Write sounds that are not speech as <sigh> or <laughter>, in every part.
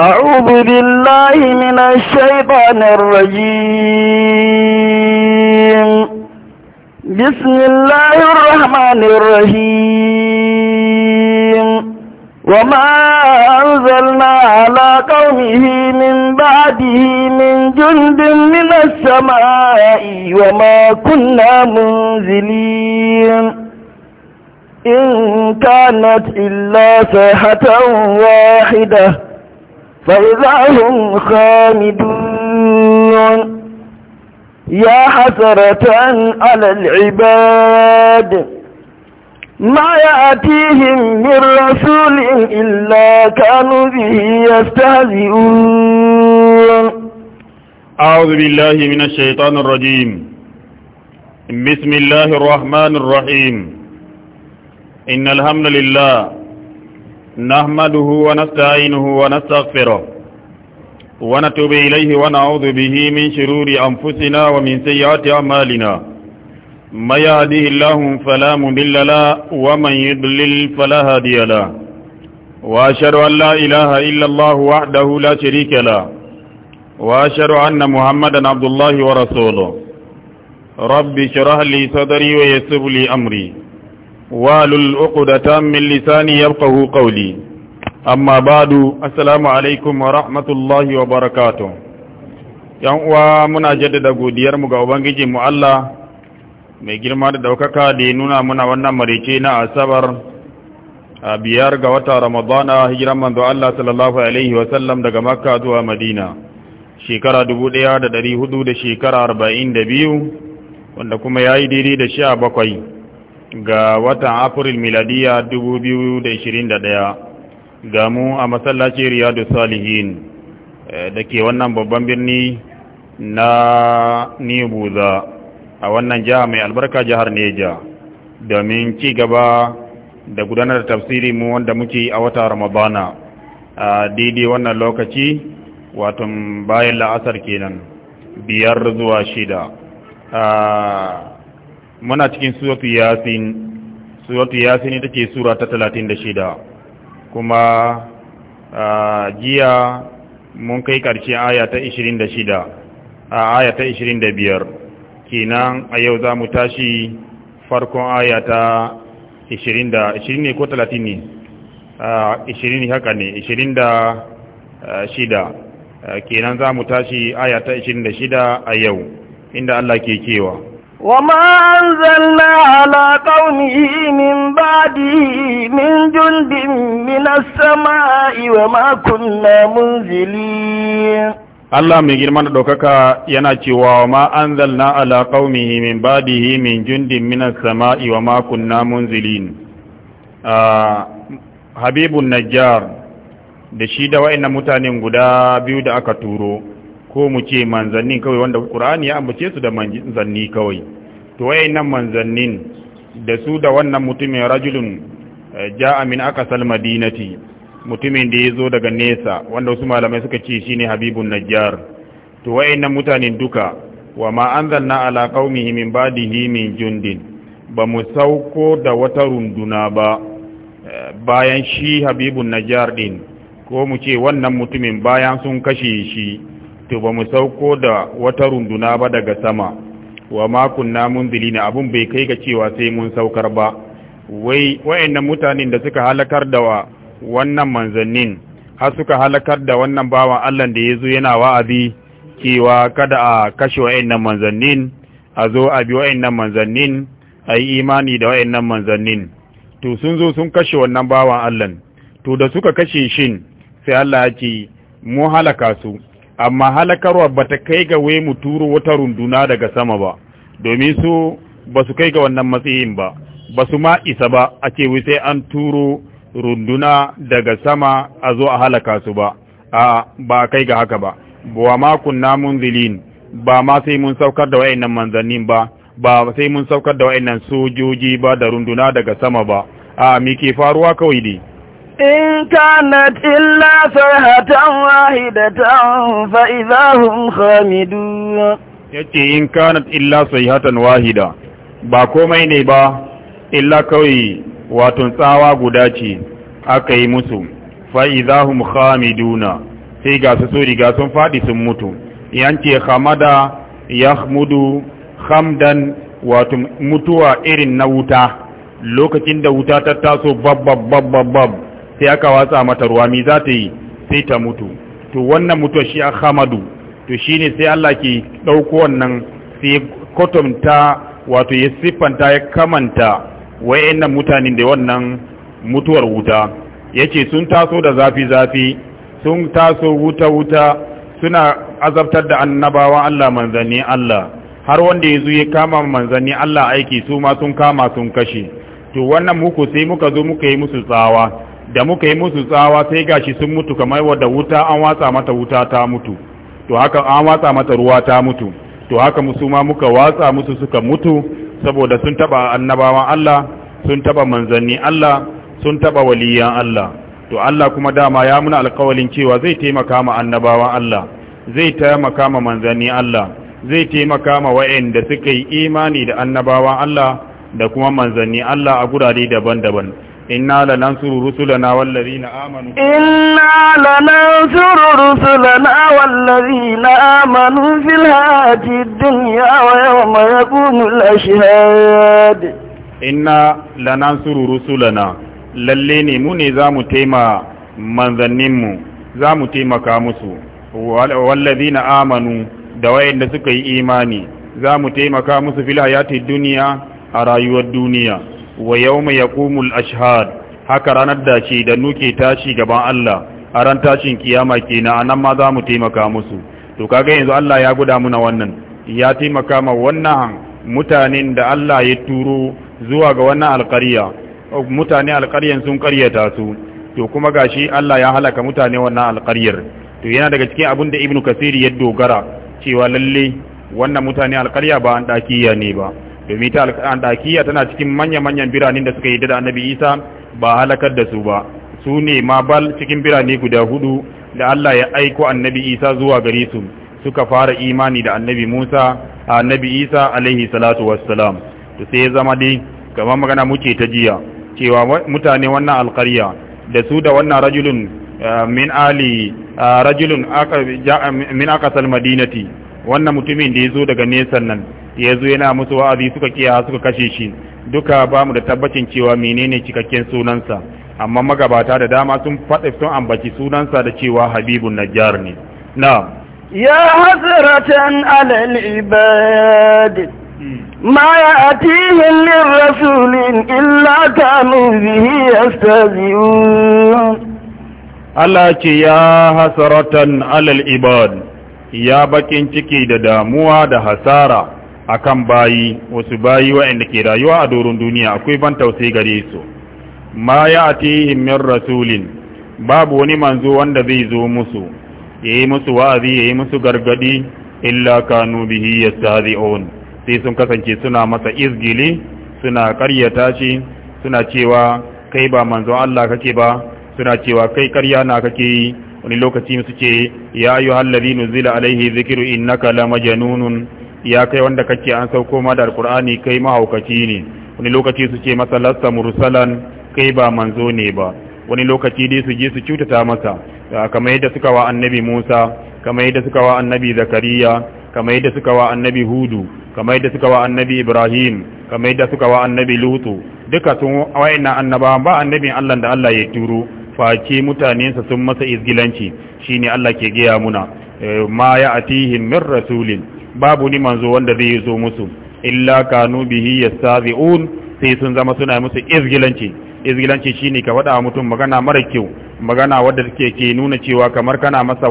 أعوذ بالله من الشيطان الرجيم بسم الله الرحمن الرحيم وما أنزلنا على قومه من بعده من جند من السماء وما كنا منزلين إن كانت إلا صيحة واحدة فإذا هم خامدون يا حسرة على العباد ما يأتيهم من رسول إلا كانوا به يستهزئون أعوذ بالله من الشيطان الرجيم بسم الله الرحمن الرحيم إن الحمد لله نحمده ونستعينه ونستغفره ونتوب إليه ونعوذ به من شرور أنفسنا ومن سيئات أعمالنا ما يهديه الله فلا مضل له ومن يضلل فلا هادي له وأشهد أن لا إله إلا الله وحده لا شريك له وأشهد أن محمدا عبد الله ورسوله رب اشرح لي صدري ويسر لي أمري walul uqdatan min lisani yabqahu qawli amma ba'du assalamu alaikum wa rahmatullahi wa barakatuh yan uwa muna jaddada godiyar mu ga ubangiji mu Allah mai girma da daukaka da ya nuna muna wannan marice na asabar a biyar ga wata ramadana hijiran manzo Allah sallallahu alaihi wa sallam daga makka zuwa madina shekara dubu ɗaya da da shekara arba'in biyu wanda kuma yayi yi daidai da sha bakwai ga watan Afril miladiya 2021 ga mu a masallacin Riyadu Salihin eh, da ke wannan babban birni na Nibuza a wannan jiha mai albarka jihar Neja domin ci gaba da gudanar da tafsiri mu wanda muke a wata Ramadana a daidai wannan lokaci wato bayan la'asar kenan biyar zuwa shida muna cikin suratu yasin suratu yasin ita ce sura ta shida, kuma jiya mun kai karshe aya ta shida, a aya ta biyar. kenan a yau za mu tashi farkon aya ta ishirin da Ishirin ne ko talatin ne Ishirin haka ne Ishirin da shida. kenan za mu tashi aya ta shida a yau inda Allah ke kewa. وما أنزلنا على قومه من بعده من جند من السماء وما كنا منزلين Allah mai girma da ɗaukaka yana cewa wa ma anzalna ala qaumihi min badihi min jundin minas sama'i wa makon namun zilin. Ah, Habibu Najjar da shi da wa'annan mutanen guda biyu da aka turo ko mu ce manzannin kawai wanda Qur'ani ya ambace su da manzanni kawai to nan manzannin da su da wannan mutumin rajulun eh, ja'a min akasal madinati mutumin da ya zo daga nesa wanda wasu malamai suka ce shine Habibun Najjar to nan mutanen duka wa ma anzalna ala qaumihi min badihi min jundin ba mu sauko da wata runduna ba eh, bayan shi Habibun Najjar din ko mu ce wannan mutumin bayan sun kashe shi to ba mu sauko da wata runduna ba daga sama wa makon namun zilina abun bai kai ga cewa sai mun saukar ba wai wayannan mutanen da suka halakar da wannan manzannin har suka halakar da wannan bawan Allah da ya zo yana wa'azi cewa kada a kashe wayannan manzannin a zo a bi wayannan manzannin a yi imani da wayannan manzannin to sun zo sun kashe wannan bawan Allah to da suka kashe shin sai Allah ya ce mu halaka su amma halakarwa ba ta kai ga wai mu turo wata runduna daga sama ba domin su ba su kai ga wannan matsayin ba ba su ma isa ba a ce wai sai an turo runduna daga sama a zo a halaka su ba a ba kai ga haka ba wa ma kunna munzilin ba ma sai mun saukar da wayannan manzannin ba ba sai mun saukar da wayannan sojoji ba da runduna daga sama ba a me ke faruwa kawai dai إن كانت إلا صيحة واحدة فإذا هم خامدون yace in kanat illa sayhatan wahida ba komai ne ba illa kawai wato tsawa guda ce aka yi musu fa idahum khamiduna sai ga su so riga sun fadi sun mutu yance khamada yahmudu khamdan wato mutuwa irin na wuta lokacin da wuta ta taso bab bab bab bab sai aka watsa mata ruwa mi za ta yi sai ta mutu to wannan mutuwa shi a hamadu to ne sai Allah ke ɗauko wannan sai kotomta wato ya siffanta ya kamanta nan mutanen da wannan mutuwar wuta yace sun taso da zafi zafi sun taso wuta wuta suna azabtar da annabawa Allah manzanni Allah har wanda ya zo ya kama manzanni Allah aiki su ma sun kama sun kashe to wannan muku sai muka zo muka yi musu tsawa da muka yi musu tsawa sai gashi sun mutu kamar wadda wuta an watsa mata wuta ta mutu to haka an watsa mata ruwa ta mutu to haka musu ma muka watsa musu suka mutu saboda sun taba annabawan Allah sun taba manzanni Allah sun taba waliyan Allah to Allah kuma dama ya muna alƙawalin cewa zai taimaka ma annabawan Allah zai taimaka ma manzanni Allah zai taimaka ma wa'anda suka yi imani da annabawan Allah da kuma manzanni Allah a gurare daban-daban inna lanansuru rusulana wallazina amanu inna lanansuru rusulana wallazina amanu fil hayatid dunya wa yawma yaqumul ashhad inna lanansuru rusulana lallini muni zamu taima manzannin mu zamu taima ka musu wallazina amanu da wayanda suka yi imani zamu taima ka musu fil duniya a rayuwar duniya wa yawma yaqumul ashhad haka ranar da ce da nuke tashi gaban Allah a ran tashin kiyama kenan anan ma za mu taimaka musu to kaga yanzu Allah ya guda muna wannan ya taimaka ma wannan mutanen da Allah ya turo zuwa ga wannan alƙarya mutane alƙaryan sun ƙaryata su to kuma gashi Allah ya halaka mutane wannan alƙaryar to yana daga cikin abin da Ibn kasiri ya dogara cewa lalle wannan mutane alƙarya ba an ɗakiya ne ba domin ta andakiya tana cikin manya-manyan biranen da suka yi da annabi isa ba halakar da su ba su ne ma bal cikin birane guda hudu da allah ya aiko annabi isa zuwa gare su suka fara imani da annabi musa a annabi isa alaihi salatu wassalam to sai zama dai kamar magana muke ta jiya cewa mutane wannan alkarya da su da wannan rajulun eh, min ali eh, rajulun min madinati wannan mutumin da ya zo daga nesa nan ya zo yana musu wa'azi suka kiya suka kashe shi duka ba mu da tabbacin cewa menene cikakken sunansa amma magabata da dama sun faɗi sun ambaci sunansa da cewa habibun najjar ne na ya hasratan alal ibad ما يأتيهم من رسول illa كانوا bihi يستهزئون Allah ce ya hasaratan alal ibad ya bakin ciki da damuwa da hasara akan bayi wasu bayi waɗanda ke rayuwa a doron duniya akwai ban tausayi gare su ma ya ati min rasulin babu wani manzo wanda zai zo musu yayi musu wa'azi yayi musu gargadi illa kanu bihi yastahzi'un sai sun kasance suna masa izgili suna karyata shi suna cewa kai ba manzo Allah kake ba suna cewa kai karya na kake yi wani lokaci su ce ya ayyuhal ladhi nuzila alaihi dhikru innaka lamajnunun ya kai wanda kake an sauko ma da alkur'ani kai mahaukaci ne wani lokaci su ce masa lasta mursalan kai ba manzo ne ba wani lokaci dai su je su cutata masa ah, kamar yadda suka wa annabi Musa kamar yadda suka wa annabi Zakariya kamar yadda suka wa annabi Hudu kamar yadda suka wa annabi Ibrahim kamar yadda suka wa annabi Lutu duka sun wa'ina annaba ba annabin Allah da Allah ya turo face mutanensa sun masa izgilanci shine Allah ke gaya muna eh, ma ya atihim min rasulin babu ni manzo wanda zai zo musu illa kanu bihi yastazi'un sai sun zama suna musu izgilanci izgilanci shine ka faɗa mutum magana mara kyau magana wadda take ke nuna cewa kamar kana masa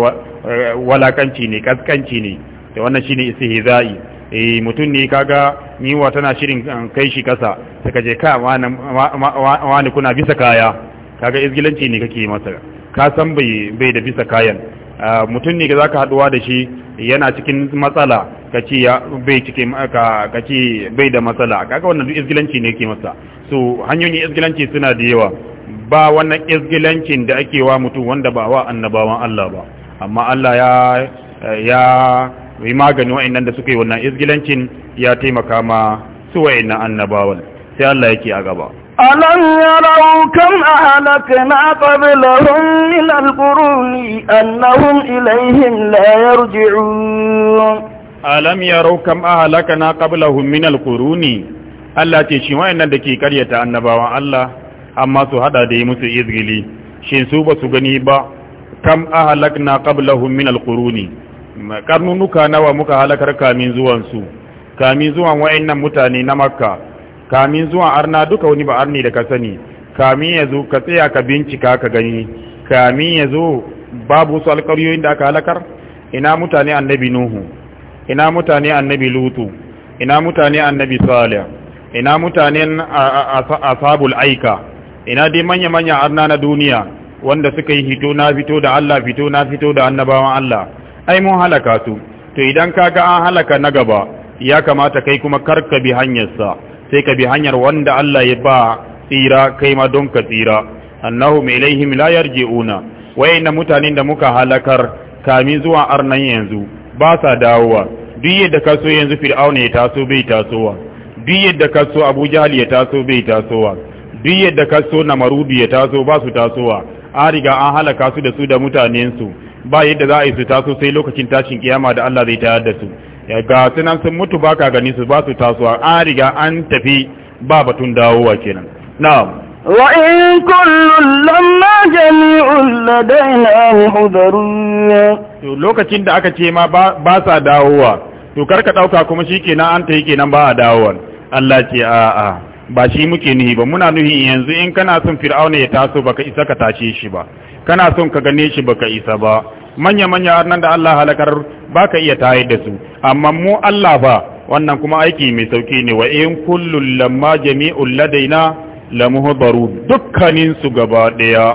eh, walakanci ne kaskanci ne to wannan shine istihza'i eh mutum ne kaga niwa tana shirin eh, kai shi kasa saka je ka wani kuna bisa kaya kaga izgilanci ne kake masa ka san bai bai da bisa kayan Ah, mutum ne za ka haɗuwa da shi yana cikin matsala ka ce bai da matsala kaga wannan duk izgilanci ne ke masa so hanyoyin izgilanci suna da yawa ba wannan izgilancin da ake wa mutum wanda ba wa annabawan Allah ba amma Allah ya ya yi magani wa'annan da suka yi wannan izgilancin ya taimaka ma su wa'annan annabawan sai Allah yake a gaba ألم يروا كم أهلكنا قبلهم من القرون أنهم إليهم لا يرجعون ألم يروا كم أهلكنا قبلهم من القرون Allah ce shi wayannan da ke karyata annabawan Allah amma su hada da yi musu izgili shi su ba su gani ba kam a ahlakna qablahum min alquruni karnunuka nawa muka halakar kamin zuwan su kamin zuwan wayannan mutane na Makka kamin zuwa arna duka wani ba arni da ka sani kamin ya zo ka tsaya ka bincika ka gani kamin ya zo babu su alƙaryoyin da aka halakar ina mutane annabi nuhu ina mutane annabi lutu ina mutane annabi salih ina mutanen asabul aika ina dai manya-manya arna na duniya wanda suka yi hito na fito da Allah fito na fito da annabawan Allah ai mun halaka su to idan kaga an halaka na gaba ya kamata kai kuma karka bi hanyarsa sai ka bi hanyar wanda Allah ya ba tsira kai ma don ka tsira annahu annahum ilaihim la wai na mutanen da muka halakar kamin zuwa arnan yanzu ba sa dawowa duk yadda ka so yanzu fir'auna ya taso bai tasowa duk yadda ka so abu jahal ya taso bai tasowa duk yadda ka so namarudu ya taso ba su tasowa an riga an halaka su da su da mutanensu ba yadda za a yi su taso sai lokacin tashin kiyama da Allah zai tayar da su Eh, ga sunan sun mutu ba ka gani su ba su tasowa an riga an tafi ba batun dawowa kenan na'am wa in kullu lamma jami'un ladaina muhdarun to lokacin da aka ce ma ba sa dawowa to karka dauka kuma shikenan an ta yi kenan ba a dawowa Allah ce a a ba shi muke nuhi ba muna nuhi yanzu in kana son fir'auna ya taso baka isa ka tashe shi ba kana son ka gane shi baka isa ba manya manya nan da Allah halakar baka iya tayar da su amma mu Allah fa wannan kuma aiki mai sauki ne wa in kullu lamma jami'ul ladaina lamuhdaru dukkanin su gaba daya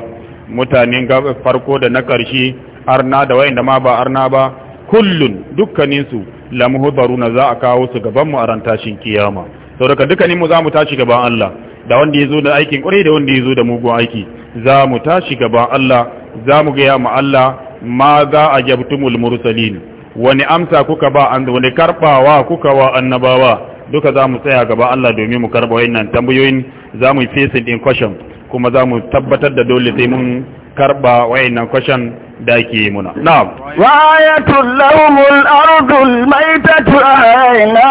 mutanen farko da na karshe arna da wayanda ma ba arna ba kullun dukkanin su lamuhdaru na za a kawo su gaban mu a ran tashin kiyama saboda dukkanin mu za mu tashi gaban Allah da wanda ya zo da aikin kwarai da wanda ya zo da mugun aiki za mu tashi gaban Allah za mu gaya mu Allah ma za a jabtumul mursalin wani amsa kuka ba an wani karbawa kuka wa annabawa duka za mu tsaya gaba Allah domin mu karba wayannan tambayoyin za mu yi facing in question kuma za mu tabbatar da dole sai mun karba wayannan question da ke muna na'am wa ayatul lahumul ardul maitatu ayna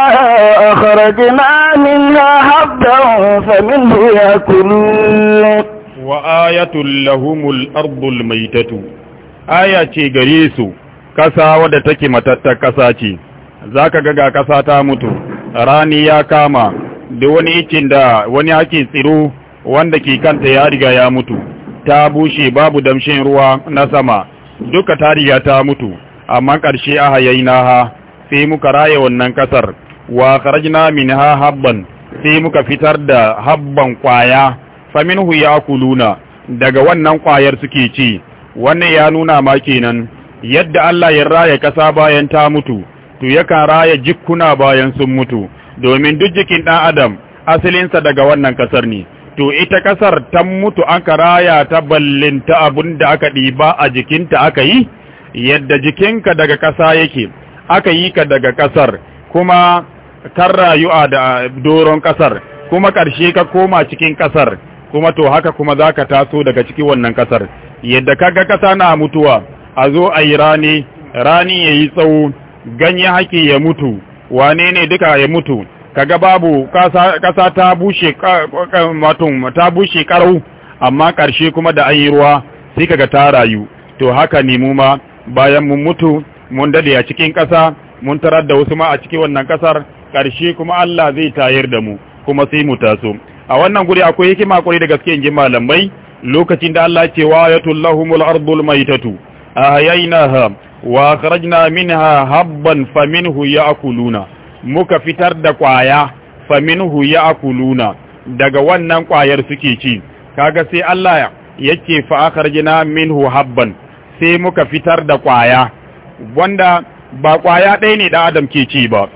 akhrajna minha habban faminhu yakulun wa ayatul lahumul ardul maitatu aya ce gare su kasa wadda take matattar kasa ce zaka ga ga kasa ta mutu rani ya kama da wani icin da wani ake tsiro wanda ke kanta ya riga ya mutu ta bushe babu damshin ruwa na sama duka ta riga ta mutu amma ƙarshe a naha sai muka raye wannan kasar wa kharajna minha habban sai muka fitar da habban kwaya minhu yakuluna daga wannan kwayar suke ci wannan ya nuna ma kenan yadda Allah ya raya kasa bayan ta mutu to yakan raya jikuna bayan sun mutu domin duk jikin ɗan adam asalinsa daga wannan kasar ne to ita kasar ta mutu aka raya ta ballinta abin da aka ɗiba a jikinta aka yi yadda jikinka daga kasa yake aka yi ka daga ƙasar kuma kan rayuwa da doron ƙasar kuma ƙarshe ka koma cikin ƙasar kuma to haka kuma za ka taso daga cikin wannan ƙasar yadda kaga ƙasa na mutuwa a zo a yi rani rani ya yi tsawo ganye haƙi ya mutu wane ne duka ya mutu kaga babu ƙasa ta bushe ƙarau ta bushe karau amma ƙarshe kuma da an yi ruwa sai kaga ta rayu to haka ne mu ma bayan mun mutu mun dade a cikin ƙasa mun tarar da wasu ma a cikin wannan ƙasar ƙarshe kuma Allah zai tayar da mu kuma sai mu taso a wannan guri akwai hikima kwarai da gaske in ji malamai lokacin da Allah ce wa yatul lahumul ardul maitatu ahayainaha wa akhrajna minha habban faminhu ya'kuluna muka fitar da kwaya faminhu ya'kuluna daga wannan kwayar suke ci kaga sai Allah yake fa akhrajna minhu habban sai muka fitar da kwaya wanda ba kwaya ɗaya ne da adam ke ci ba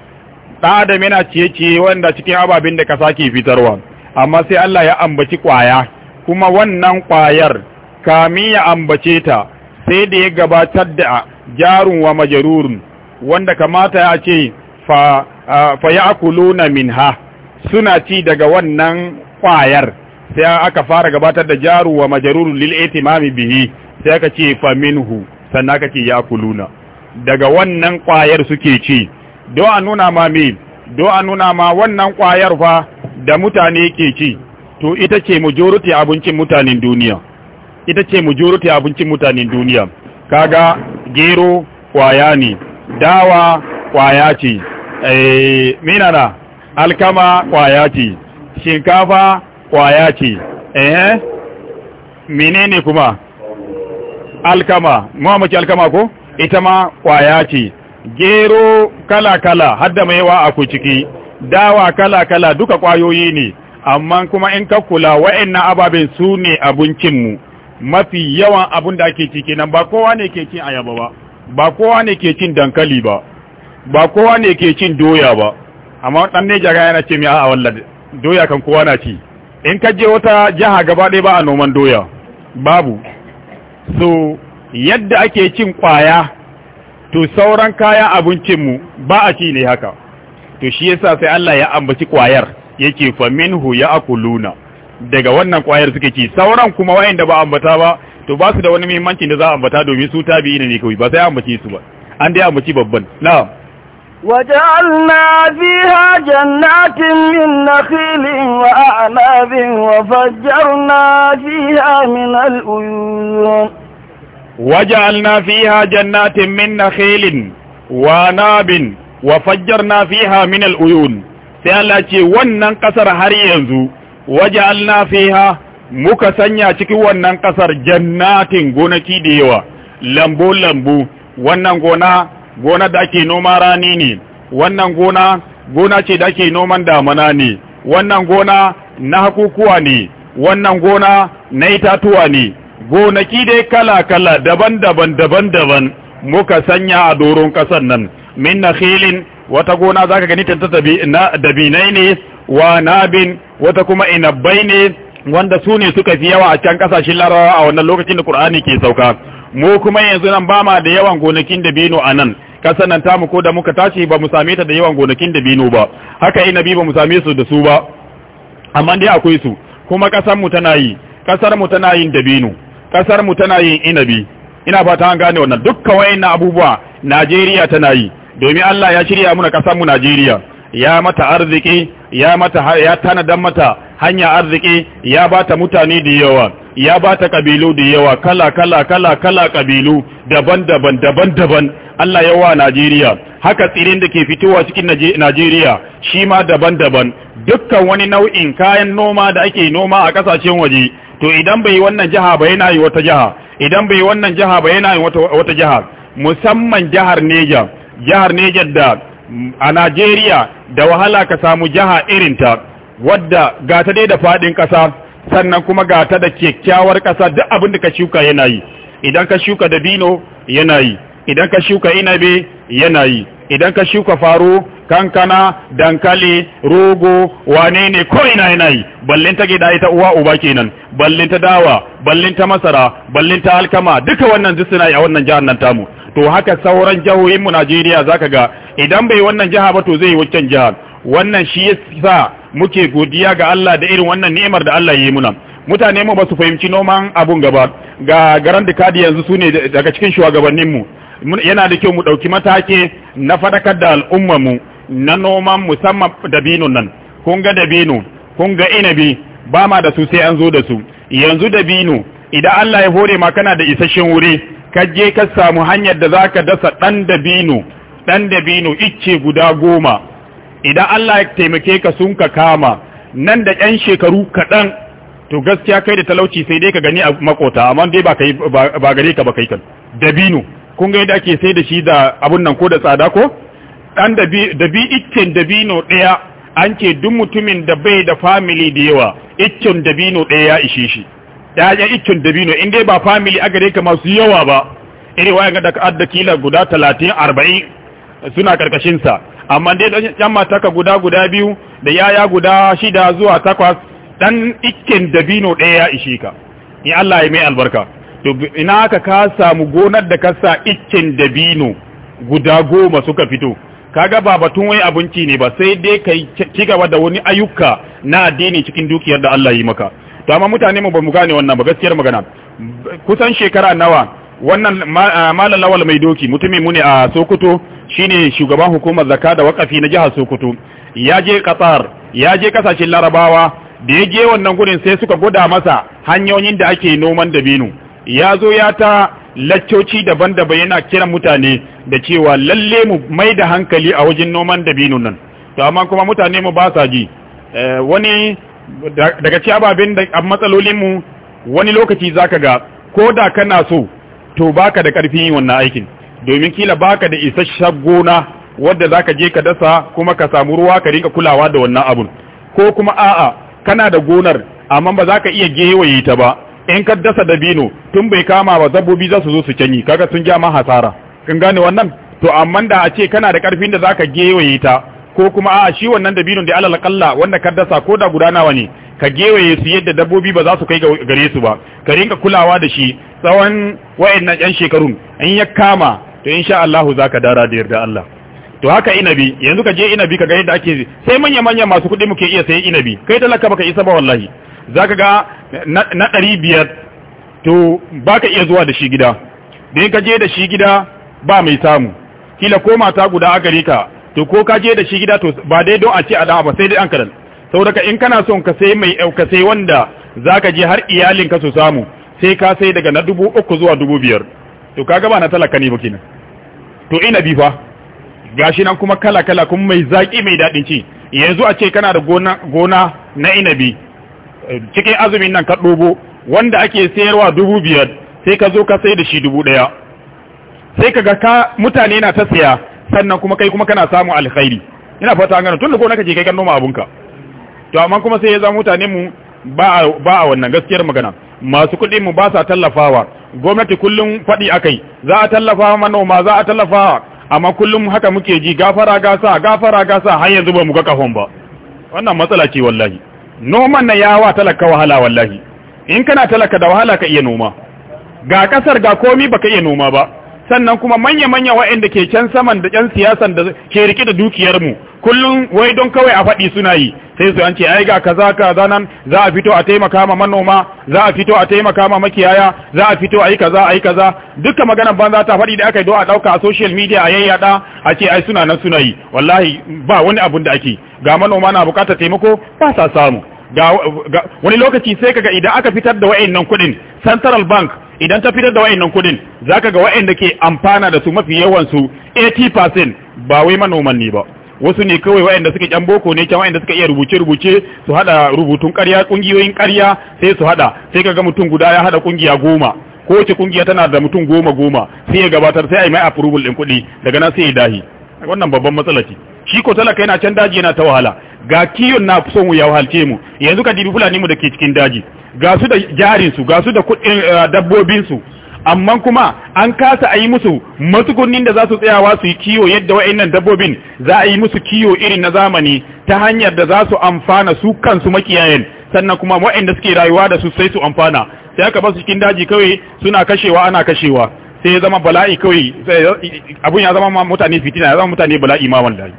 da adam yana ciye-ciye wanda cikin ababen da kasa ke fitarwa amma sai Allah ya ambaci kwaya kuma wannan kwayar kamin ya ambace ta sai da ya gabatar da jarun wa majarurun wanda kamata ya ce fa min minha suna ci daga wannan kwayar sai aka fara gabatar da jarun wa majarurun lil itimami bihi sai aka ce fa minhu sannan aka ce ya ya'kuluna daga wannan kwayar suke ci do a nuna ma me do a nuna ma wannan kwayar fa da mutane ke ci to ita ce majority abincin mutanen duniya ita ce mu ta abincin mutane duniya kaga gero kwaya ne dawa kwaya ce eh menana alkama kwaya ce shinkafa kwaya ce eh menene kuma alkama mu ce alkama ko ita ma kwaya ce gero kala-kala hadda mai yawa aku ciki dawa kala-kala duka kwayoyi ne amma kuma in ka kula wa'annan ababen su ne abincinmu mafi yawan abun da ake ci kenan ba kowa ne ke cin ayaba ba ba kowa ne ke cin dankali ba ba kowa ne ke cin doya ba amma dan ne jaga yana ce mi a wallahi doya kan kowa na ci in ka je wata jaha gaba ɗaya ba a noman doya babu so yadda ake cin kwaya to sauran kayan abincinmu ba a ci ne haka to shi yasa sai Allah ya ambaci kwayar yake faminhu ya akuluna daga wannan kwayar suke ci sauran kuma wayanda ba ambata ba to ba su da wani muhimmanci da za a ambata domin su tabi'i ne kawai ba sai ambace su ba an dai ambaci babban na'am وجعلنا فيها جنات من نخيل وأعناب وفجرنا فيها من الأيون وجعلنا فيها جنات من نخيل وأعناب وفجرنا فيها من الأيون ونن قصر هري ينزو waja'alna fiha muka sanya cikin wannan kasar jannatin gonaki da yawa lambu lambu wannan gona gona da ake noma rani ne wannan gona gona ce da ake noman damana ne wannan gona na hakukuwa ne wannan gona na itatuwa ne gonaki dai kala-kala daban-daban daban-daban muka sanya a doron kasar nan min na wata gona za ka gani ta dabinai ne wa nabin wata kuma inabbai ne wanda su ne suka fi yawa a can kasashen larawa a wannan lokacin da qur'ani ke sauka mu kuma yanzu nan ba ma da yawan gonakin dabino a nan kasan nan tamu ko da muka tashi ba mu same ta da yawan gonakin dabino ba haka inabi ba mu same su da su ba amma dai akwai su kuma kasan mu tana yi kasar mu tana yin dabino kasar mu tana yin inabi ina fata an gane wannan dukkan wayannan abubuwa Najeriya tana yi domin Allah ya shirya muna kasar mu Najeriya ya mata arziki ya mata ya tanadan mata hanya arziki ya bata mutane da yawa ya bata kabilu da yawa kala kala kala kala kabilu daban-daban daban-daban Allah yawa Najeriya haka tsirin da ke fitowa cikin Najeriya shi ma daban-daban dukkan wani nau'in kayan noma da ake noma a kasashen waje to idan bai wannan jiha ba yana yi wata jaha idan bai wannan jaha ba yana yi wata jaha musamman jahar Neja jahar Neja da a Najeriya da wahala ka samu jiha irinta wadda ga ta dai da faɗin ƙasa sannan kuma ga ta da kyakkyawar ƙasa duk abin da ka shuka yana yi idan ka shuka dabino yana yi idan ka shuka inabe yana yi idan ka shuka faro kankana dankali rogo wane ne ko ina yana yi ballin ta gida ita uwa uba kenan ballin ta dawa ballin ta masara ballin ta alkama duka wannan duk suna a wannan jihar nan tamu to haka sauran jihohin mu Najeriya zaka ga idan bai wannan jiha ba to zai waccan jiha wannan shi yasa muke godiya ga Allah da irin wannan ni'imar da Allah ya yi muna mutane mu ba su fahimci noman abun gaba ga garan da kadi yanzu su daga cikin shugabannin mu yana da kyau mu ɗauki matake na fadakar da al'ummar mu na noman musamman dabinun nan kun ga dabino kun ga inabi ba ma da su sai an zo da su yanzu dabino idan Allah ya hore ma kana da isasshen wuri kaje ka samu hanyar da zaka dasa ɗan dabino ɗan dabino icce guda goma idan Allah ya taimake ka sun ka kama nan da ƴan shekaru kaɗan to gaskiya kai da talauci sai dai ka gani a makota amma dai ba kai ba gare ka ba kai kan dabino kun ga yadda ake sai da shi da abun nan ko da tsada ko dan dabi dabi iccen dabino ɗaya an ce duk mutumin da bai da family da yawa iccen dabino ɗaya ya ishe shi ƴaƴan iccen dabino in dai ba family aka dai masu yawa ba irin wayan da ka adda kila guda 30 40 suna karkashin sa amma dai yan mata guda guda biyu da yaya guda shida zuwa takwas dan iccen dabino ɗaya ya ishi ka in Allah ya mai albarka to ina ka ka samu gonar da ka sa iccen dabino guda goma suka fito kaga ba batun wai abinci ne ba sai dai kai ci gaba da wani ayyuka na addini cikin dukiyar da Allah yi maka to amma mutane mu ba gane wannan ba gaskiyar magana kusan shekara nawa wannan malam lawal mai doki mutumin mu ne a Sokoto shine shugaban hukumar zakka da wakafi na jihar Sokoto ya je Qatar ya je kasashen Larabawa da ya je wannan gurin sai suka gwada masa hanyoyin da ake noman dabino ya zo ya ta laccoci daban-daban yana kiran mutane da cewa lalle mu mai da hankali a wajen noman dabino nan to amma kuma mutane mu ba sa ji eh, wani daga ci ababen da matsalolinmu wani lokaci zaka ga ko da kana so to baka da karfin yin wannan aikin domin kila baka da isasshen gona wadda zaka je ka dasa kuma ka samu ruwa ka rinka kulawa da wannan abun ko kuma a'a kana da gonar amma ba za ka iya gewaye ta ba in ka dasa dabino tun bai kama ba zabobi za su zo su canyi kaga sun ja ma hasara kin gane wannan to amma da a ce kana da karfin da za zaka gewaye ta ko kuma a shi wannan dabinon da alal kalla wanda ka dasa ko da gudanawa ne ka gewaye su yadda dabbobi ba za su kai gare su ba ka rinka kulawa da shi tsawon wa'annan yan shekarun in ya kama to insha Allah za ka dara da yarda Allah to haka inabi yanzu ka je inabi ka ga yadda ake sai manya manya masu kuɗi muke iya sayan inabi kai talaka baka isa ba wallahi zaka ga na ɗari biyar to baka iya zuwa da shi gida da ka je da shi gida ba mai samu kila ko mata guda a gare ka to ko ka je da shi gida to ba dai don a ce a da ba sai dai an kadan saboda in kana son ka sai mai ka sai wanda zaka je har iyalin ka su samu sai ka sai daga na dubu uku zuwa dubu biyar to ka ba na talaka ne ba kenan to ina bi fa gashi nan kuma kala kala kuma mai zaki mai dadin ci yanzu a ce kana da gona gona na inabi cikin azumin nan ka dubo wanda ake sayarwa dubu biyar sai ka zo ka sai da shi dubu daya sai kaga ka mutane na ta saya sannan kuma kai kuma kana samun alkhairi ina fata an gano tun da ko naka je kai kan noma abunka to amma kuma sai ya zama mutane mu ba ba wannan gaskiyar magana masu kuɗi mu ba sa tallafawa gwamnati kullum faɗi akai za a tallafa manoma za a tallafa amma kullum haka muke ji gafara gasa gafara gasa har yanzu ba mu ga kahon ba wannan matsala ce wallahi noman na yawa talaka wahala wallahi in kana talaka da wahala ka iya noma ga kasar ga komi baka iya noma ba sannan kuma manya-manya waɗanda ke can saman da ƴan siyasan da ke rike da dukiyarmu kullum wai don kawai a faɗi suna yi sai su an ce ai ga kaza kaza nan za a fito a taimaka ma manoma za a fito a taimaka ma makiyaya za a fito a yi kaza a yi kaza duka maganar banza ta faɗi da aka yi don a ɗauka a social media a yayyada a ce ai suna nan suna yi wallahi ba wani abun da ake ga manoma na buƙatar taimako ba sa samu ga wani lokaci sai kaga idan aka fitar da wa'annan kuɗin central bank idan ta fitar da wayannan kudin zaka ga wayanda ke amfana da su mafi yawan su 80% ba wai manoman ne ba wasu ne kawai da suke kyan boko ne kyan da suka iya rubuce rubuce su hada rubutun karya kungiyoyin karya sai su hada sai ka ga mutum guda ya hada kungiya goma kowace kungiya tana da mutum goma goma sai ya gabatar sai a yi mai approval din kuɗi daga nan sai ya dahi wannan babban matsala ce shi ko talaka yana can daji yana ta wahala ga kiyon na son ya wahalce mu yanzu ka dibi fulani mu da ke cikin daji ga su da jarin ga su da kuɗin eh, dabbobin amma kuma an kasa ayi yi musu matsugunnin da za su tsayawa su yi kiyo yadda wa'annan dabbobin za a yi musu kiyo irin na zamani ta hanyar da za su amfana su kansu makiyayen sannan kuma wa'anda suke rayuwa da su sai su amfana sai aka basu cikin daji kawai suna kashewa ana kashewa sai ya zama bala'i kawai abun ya zama mutane fitina ya zama mutane bala'i ma wallahi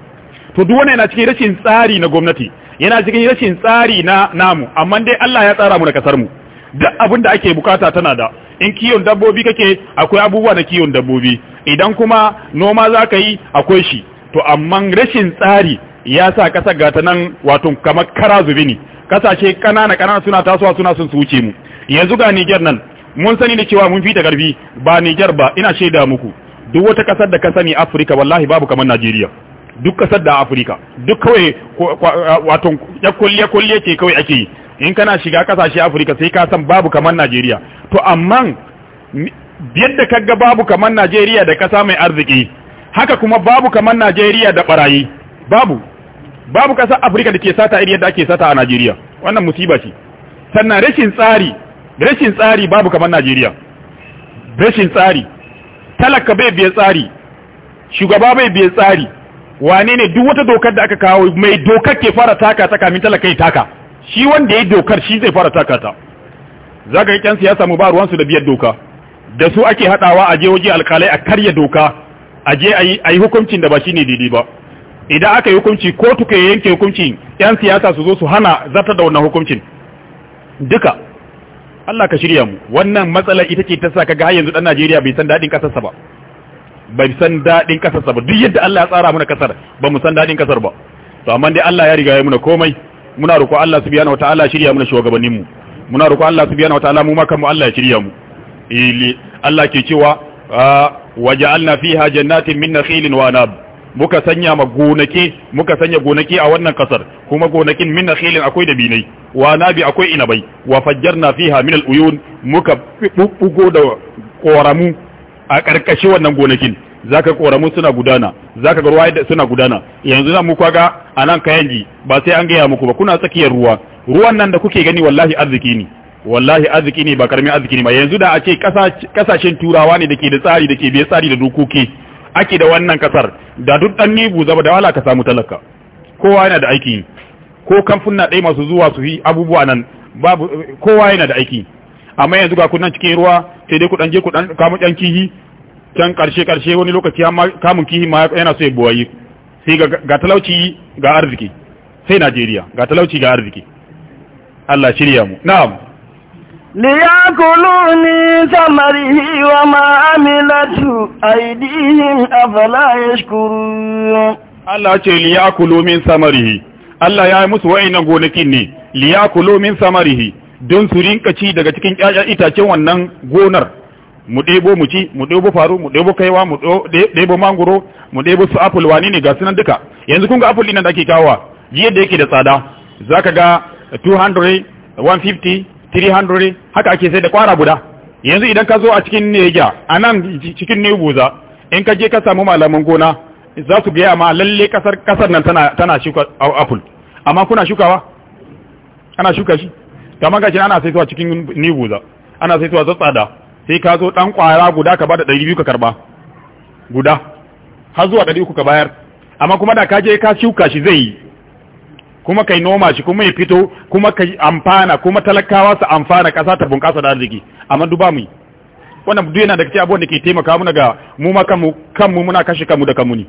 to duk wannan yana cikin rashin tsari na gwamnati yana cikin rashin tsari na namu amma dai Allah ya tsara mu da kasar mu duk abin da ake bukata tana da in kiyon dabbobi kake akwai abubuwa na kiyon dabbobi idan kuma noma za ka yi akwai shi to amma rashin tsari ya sa kasar gata nan wato kamar kara zubi ne kasashe kanana kanana suna tasowa suna sun su wuce mu yanzu ga Niger nan mun sani da cewa mun fita garbi ba Niger ba ina shaida muku duk wata kasar da ka sani Africa wallahi babu kamar Najeriya duk kasar da afirka duk kawai wato ya kulle kulle ke kawai ake yi in kana shiga kasashe afirka sai ka san babu kamar najeriya to amma yadda kaga babu kamar najeriya da kasa mai arziki haka kuma babu kamar najeriya da barayi babu babu kasar afirka da ke sata iri yadda ake sata a najeriya wannan musiba ce sannan rashin tsari rashin tsari babu kamar najeriya rashin tsari talaka bai biya tsari shugaba bai biya tsari wane ne duk wata dokar da aka kawo mai dokar ke fara taka ta kamin talaka taka shi wanda ya dokar shi zai fara taka ta zaga yi kyan siyasa mu ba ruwansu da biyar doka da su ake hadawa a je waje alkalai a karya doka a je a yi hukuncin da ba shi ne daidai ba idan aka yi hukunci kotu ka yanke hukunci yan siyasa su zo su hana zata da wannan hukuncin duka Allah ka shirya mu wannan matsala ita ce ta sa kaga har yanzu dan Najeriya bai san dadin kasarsa ba bai san daɗin ƙasarsa ba duk yadda Allah ya tsara muna ƙasar ba mu san daɗin ƙasar ba to amma dai Allah ya riga ya muna komai muna roƙo Allah subhanahu wataala shirya muna shugabannin mu muna roƙo Allah subhanahu wataala mu ma kanmu Allah ya shirya mu Allah ke cewa ah, waja'alna fiha jannatin min nakhilin wa anab muka sanya ma gonake muka sanya gonake a wannan kasar kuma gonakin min nakhilin akwai da binai wa nabi akwai inabai wa fajjarna fiha min al-uyun muka bubbugo da koramu a ƙarƙashin wannan gonakin zaka koramu suna gudana zaka ga ruwa suna gudana yanzu nan mu kaga anan kayanji ba sai an gaya muku ba kuna tsakiyar ruwa ruwan nan da kuke gani wallahi arziki ne wallahi arziki ne ba karamin arziki ne ba yanzu da a ce kasashen turawa ne ke da tsari dake biye tsari da dokoki ake da wannan kasar da duk dan nibu zaba da wala ka samu talaka kowa yana da aiki ko kamfuna ɗaya masu zuwa su yi abubuwa nan babu kowa yana da aiki amma yanzu ga kunan cikin ruwa sai dai ku dan je ku dan kamu dan kihi can karshe karshe wani lokaci amma kamun kihi ma yana so ya buwayi sai ga talauci ga arziki sai Najeriya ga talauci ga arziki Allah shirya mu na'am ليأكلوا من wa ma amilatu أيديهم afala يشكرون Allah ce ليأكلوا min samarihi Allah ya yi musu wa'in gonakin ne, liya kulo min samarihi, don su rinka ci daga cikin ƴaƴan itacen wannan gonar mu ɗebo mu ci mu ɗebo faru mu ɗebo kaiwa mu ɗebo mangoro mu ɗebo su apple wani ne ga sunan duka yanzu kun ga apple ɗin da ake kawowa jiya da yake da tsada zaka ga 200 150 300 haka ake sai da kwara guda yanzu idan ka zo a cikin Neja a nan cikin Nebuza in ka je ka samu malaman gona za su gaya ma lalle kasar kasar nan tana tana shuka apple amma kuna shukawa ana shuka shi kamar shi ana saitowa cikin nibuza ana saitowa tsatsada sai ka zo dan kwara guda ka bada 200 ka karba guda har zuwa 300 ka bayar amma kuma da ka je ka shuka shi zai kuma kai noma shi kuma ya fito kuma kai amfana kuma talakawa su amfana kasa ta bunƙasa da arziki amma duba mu wannan duk yana daga cikin abubuwan da ke taimaka mu daga mu ma kanmu kanmu muna kashe kanmu da kanmu ne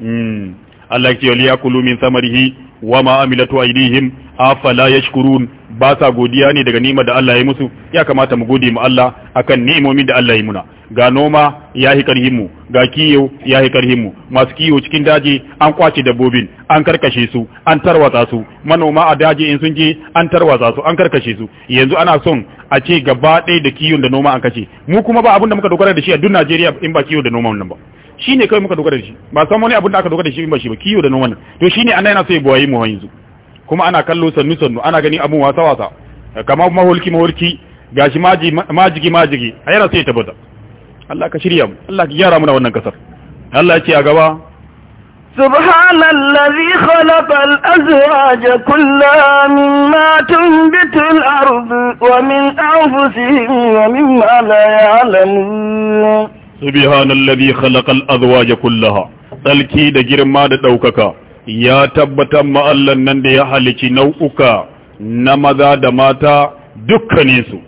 hmm. Allah ya ce li yakulu min samarihi wa ma amilatu aydihim afala yashkurun ba sa godiya ne daga nima da Allah ya musu ya kamata mu gode ma Allah akan ni'imomin da Allah ya muna ga noma ya hi karhimu ga kiyo ya hi karhimu masu kiyo cikin daji an kwace dabbobin an karkashe su an tarwatsa su manoma a daji in sun je an tarwatsa su an karkashe su yanzu ana son a ce gaba ɗaya da kiyon da noma an kace mu kuma ba abin da muka dogara da shi a duk Najeriya in ba kiyo da noma nan ba shine kai muka dogara da shi ba san wani abin da aka dogara da shi in ba shi ba kiyo da noma nan to shine Allah yana so ya boye mu yanzu kuma ana kallo sannu sannu ana gani abun wasa wasa kamar maholki maholki gashi majigi majigi a yara sai tabbata Allah ka shirya mu Allah ka gyara muna wannan kasar Allah ya ce a gaba سبحان الذي خلق الأزواج كلها مما تنبت الأرض ومن أنفسهم ومما لا يعلمون سبحان الذي خلق الأزواج كلها تلكي دجر ما دوكك ya tabbatar ma'allan nan da ya halici nau'uka na maza da mata dukkaninsu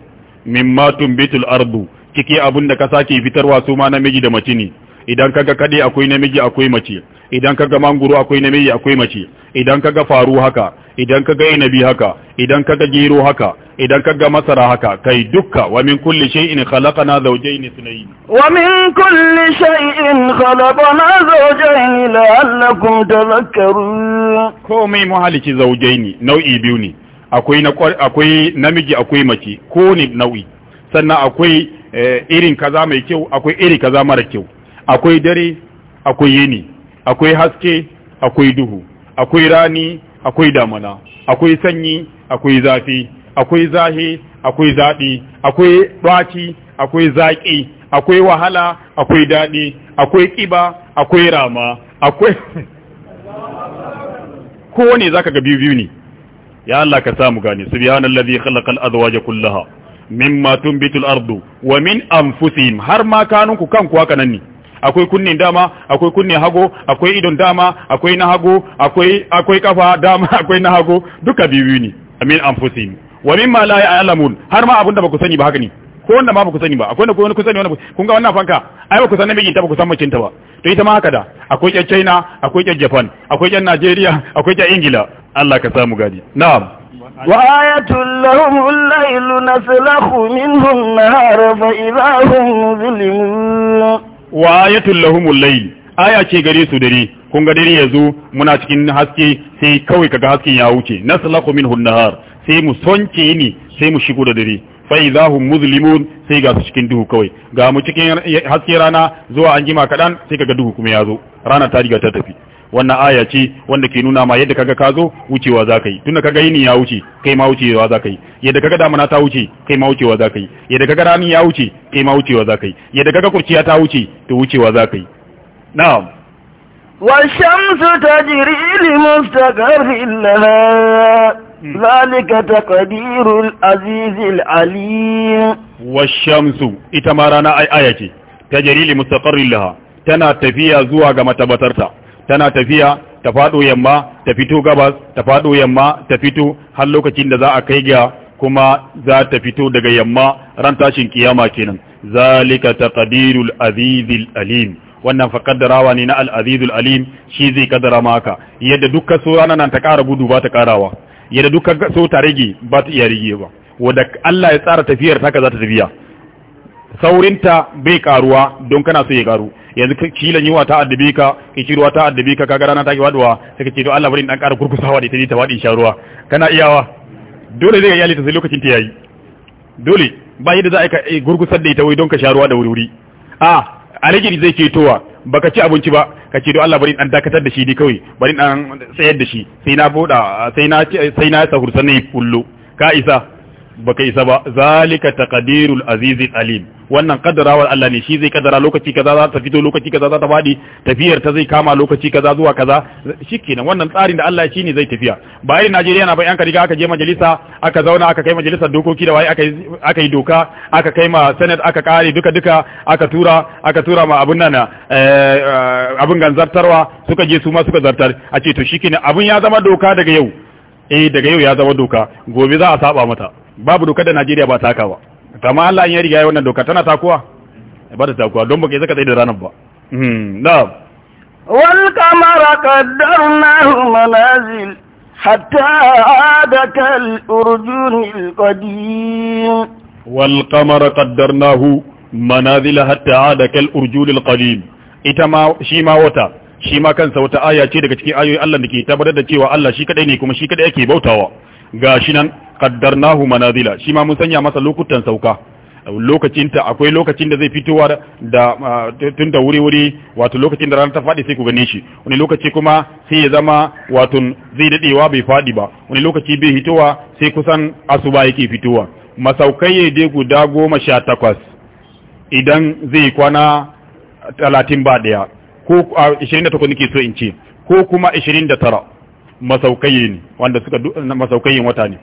matun bitul ardu kike abin da ka ke fitarwa su ma namiji da mace ne idan kaga kade akwai namiji akwai mace idan kaga mangoro akwai namiji akwai mace idan kaga faru haka idan kaga inabi haka idan kaga gero haka idan kaga masara haka kai dukka wa min kulli shay'in khalaqna zawjayn ithnayn wa min kulli shay'in khalaqna zawjayn la'allakum tadhakkarun komai muhalici zawjaini nau'i biyu ne akwai akwai namiji akwai mace ko ne nau'i sannan akwai eh, irin kaza mai kyau akwai iri kaza mara kyau akwai dare akwai yini akwai haske akwai duhu akwai rani akwai damana akwai sanyi akwai zafi akwai zahi akwai zaɗi akwai ɗaci, akwai zaƙi akwai wahala akwai daɗi akwai ƙiba akwai rama akwai <laughs> ne zaka ga biyu biyu ne ya Allah ka samu gane subhanallazi khalaqal azwaja kullaha mimma tumbitul ardu wa min anfusihim har ma kanunku kanku haka nan ne akwai kunnen dama akwai kunne hago akwai idon dama akwai na hago akwai akwai kafa dama <laughs> akwai na hago duka biyu ne amin anfusin wa mimma la ya'lamun har ma abinda baku sani ba haka ne ko wanda ma baku sani ba akwai wanda ku sani wanda kun ga wannan fanka ai baku san namijin ta baku san macin ta ba to ita ma haka da akwai kyan China akwai kyan Japan akwai kyan Najeriya <laughs> akwai kyan Ingila Allah ka samu gadi na'am وآية لهم الليل نسلخ منه النهار فإذا هم مظلمون wa ayatul lahumul layl aya ce gare su dare kun ga dare yazo muna cikin haske sai kawai kaga hasken ya wuce naslaqu minhu an-nahar sai mu sonke ni sai mu shigo da dare fa idza hum muzlimun sai ga su cikin duhu kawai ga mu cikin haske rana zuwa anjima kadan sai kaga duhu kuma yazo rana ta riga ta tafi wannan aya ce wanda ke nuna ma yadda kaga ka zo wucewa za ka yi tunda kaga yini ya wuce kai ma wucewa za ka yi yadda kaga damuna ta wuce kai ma wucewa za ka yi yadda kaga rani ya wuce kai ma wucewa za ka yi yadda kaga kurciya ta wuce to wucewa za ka yi na'am والشمس تجري لمستقر لها ذلك تقدير العزيز العليم والشمس ita ma rana ai aya ce tajri li mustaqarrin laha tana tafiya zuwa ga matabatarta tana tafiya ta faɗo yamma ta fito gabas ta faɗo yamma ta fito har lokacin da za a kai ga kuma za ta fito daga yamma ran tashin kiyama kenan zalika taqdirul azizil alim wannan fa kaddarawa ne na al-azizul alim shi zai kaddara maka yadda dukkan so nan ta ƙara gudu ba ta ƙarawa yadda dukkan so ta rage ba ta iya rage ba wanda Allah ya tsara tafiyar ta ka za ta tafiya saurinta bai karuwa don kana so ya karu yanzu kilan yiwa ta addabi ka ruwa ta addabi ka kaga rana ta ki waduwa sai kace to Allah bari dan ƙara kurkusawa da ta ta wadi sharuwa kana iyawa dole zai ga iyali ta sai lokacin ta yayi dole ba yadda za a yi eh, gurgusar da ita wai don ka sharuwa da wuri-wuri a aligiri zai ce towa baka ci abinci ba ka ce Allah bari dan dakatar da shi ni kawai bari dan tsayar da shi sai na boda sai na sai na sahur sanai kullu ka isa baka isa ba zalika taqdirul azizil alim wannan kaddarawar Allah ne shi zai kaddara lokaci kaza za ta fito lokaci kaza za ta fadi tafiyar ta zai kama lokaci kaza zuwa kaza shikenan wannan tsarin da Allah ne zai tafiya ba irin Najeriya na ba yan riga aka je majalisa aka zauna aka kai majalisar dokoki da waye aka aka yi doka aka kai ma senate aka kare duka duka aka tura aka tura ma abun nan eh, abun ganzartarwa suka je su ma suka zartar a ce to shikenan abun ya zama doka daga yau eh daga yau ya zama doka gobe za a saba mata babu dokar da Najeriya ba ta haka ba kama Allah ya riga ya wannan doka tana takuwa ba ta takuwa don baka zaka tsaye da ranar ba hmm, na'am wal qamara qaddarnahu manazil hatta ada kal al qadim wal qamara qaddarnahu manazil hatta ada kal urjunil qadim ita ma shi ma wata shi ma kansa wata aya ce daga cikin ayoyi Allah da ke tabbatar da cewa Allah shi kadai ne kuma shi kadai yake bautawa gashi nan qaddarnahu manazila shi ma mun sanya masa lokutan sauka lokacinta akwai lokacin da zai fitowa da tun da wuri-wuri wato lokacin da ranar ta fadi sai ku gane shi wani lokaci kuma sai ya zama wato zai dadewa bai faɗi ba wani lokaci bai fitowa sai kusan asuba yake fitowa masaukai ya dai guda goma sha takwas idan zai kwana talatin ba daya ko ashirin da takwas nake so in ce ko kuma ashirin da tara masaukai ne wanda suka masaukayin wata ne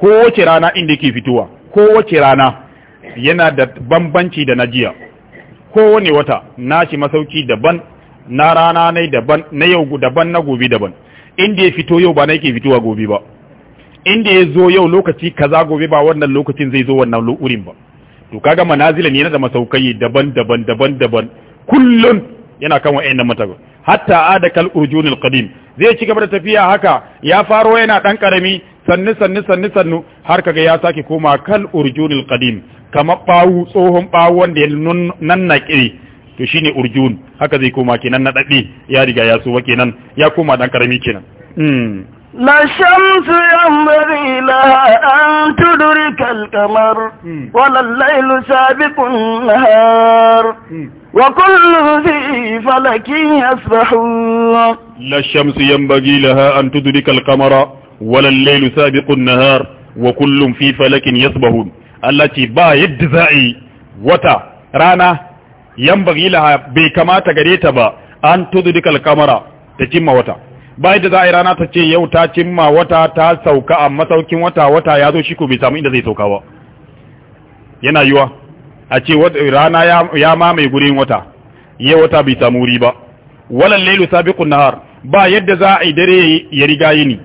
kowace rana inda yake fitowa kowace rana yana da bambanci da najiya kowane wata shi masauki daban na rana ne daban na yau daban na gobe daban inda ya fito yau ba na yake fitowa gobe ba inda ya zo yau lokaci kaza gobe ba wannan lokacin zai zo wannan wurin ba to kaga manazila ne yana da masaukayi daban daban daban daban kullun yana kan wa'annan matakan hatta ada kal urjunil qadim zai ci gaba da tafiya haka ya faro yana dan karami sannu sannu sannu sannu har kaga ya sake koma kal urjunil qadim kamar bawu tsohon bawu wanda ya kiri to shine urjun haka zai koma kenan na dadi ya riga ya so kenan ya koma dan karami kenan hmm. لا شمس ينبغي لها أن تدرك القمر ولا الليل سابق النهار وكل في فلك يسبحون لا الشمس ينبغي لها أن تدرك القمر ولا الليل سابق النهار وكل في فلك يسبحون التي با يدزعي وتا رانا ينبغي لها بكما تقريتها أن تدرك القمر تتم وتا bai da za a yi rana ta ce yau ta cimma wata ta sauka a masaukin wata wata ya zo shi ko bai samu inda zai sauka ba yana yiwa a ce rana ya mamaye gurin wata yau wata bai samu wuri ba walan lailu sabiqun nahar ba yadda za a yi dare ya riga ni,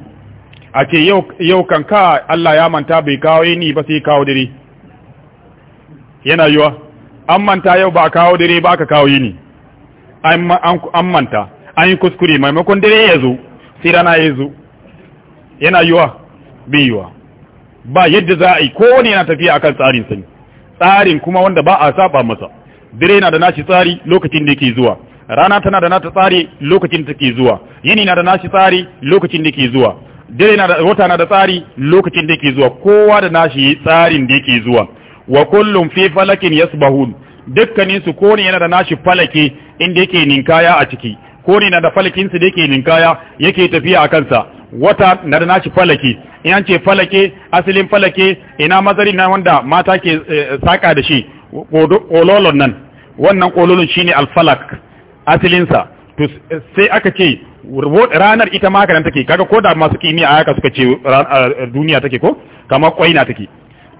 a ce yau kan ka Allah ya manta bai kawo ni ba sai kawo dare yana yiwa an manta yau ba kawo dare ba ka kawo ni, an manta an yi kuskure maimakon dare ya zo sai rana ya zo yana yiwa bai yiwa ba yadda za a yi kowane yana tafiya akan tsarin sani tsarin kuma wanda ba a saba masa dare na da nashi tsari lokacin da yake zuwa rana tana da nata tsari lokacin da take zuwa yini na da nashi tsari lokacin da yake zuwa dare na da wata na da tsari lokacin da yake zuwa kowa da nashi tsarin da yake zuwa wa kullum fi falakin yasbahun dukkanin su kowane yana da nashi falake inda yake ninkaya a ciki ne na da falakinsa da yake ninkaya yake tafiya a kansa wata na da nashi falaki in an ce falake asalin falake ina mazari na wanda mata ke eh, saka da shi kololon nan wannan kololon shine alfalak asalinsa to sai aka ce ranar ita ma haka take kaga ko da masu kimiyya a haka suka ce duniya take ko kamar kwaina take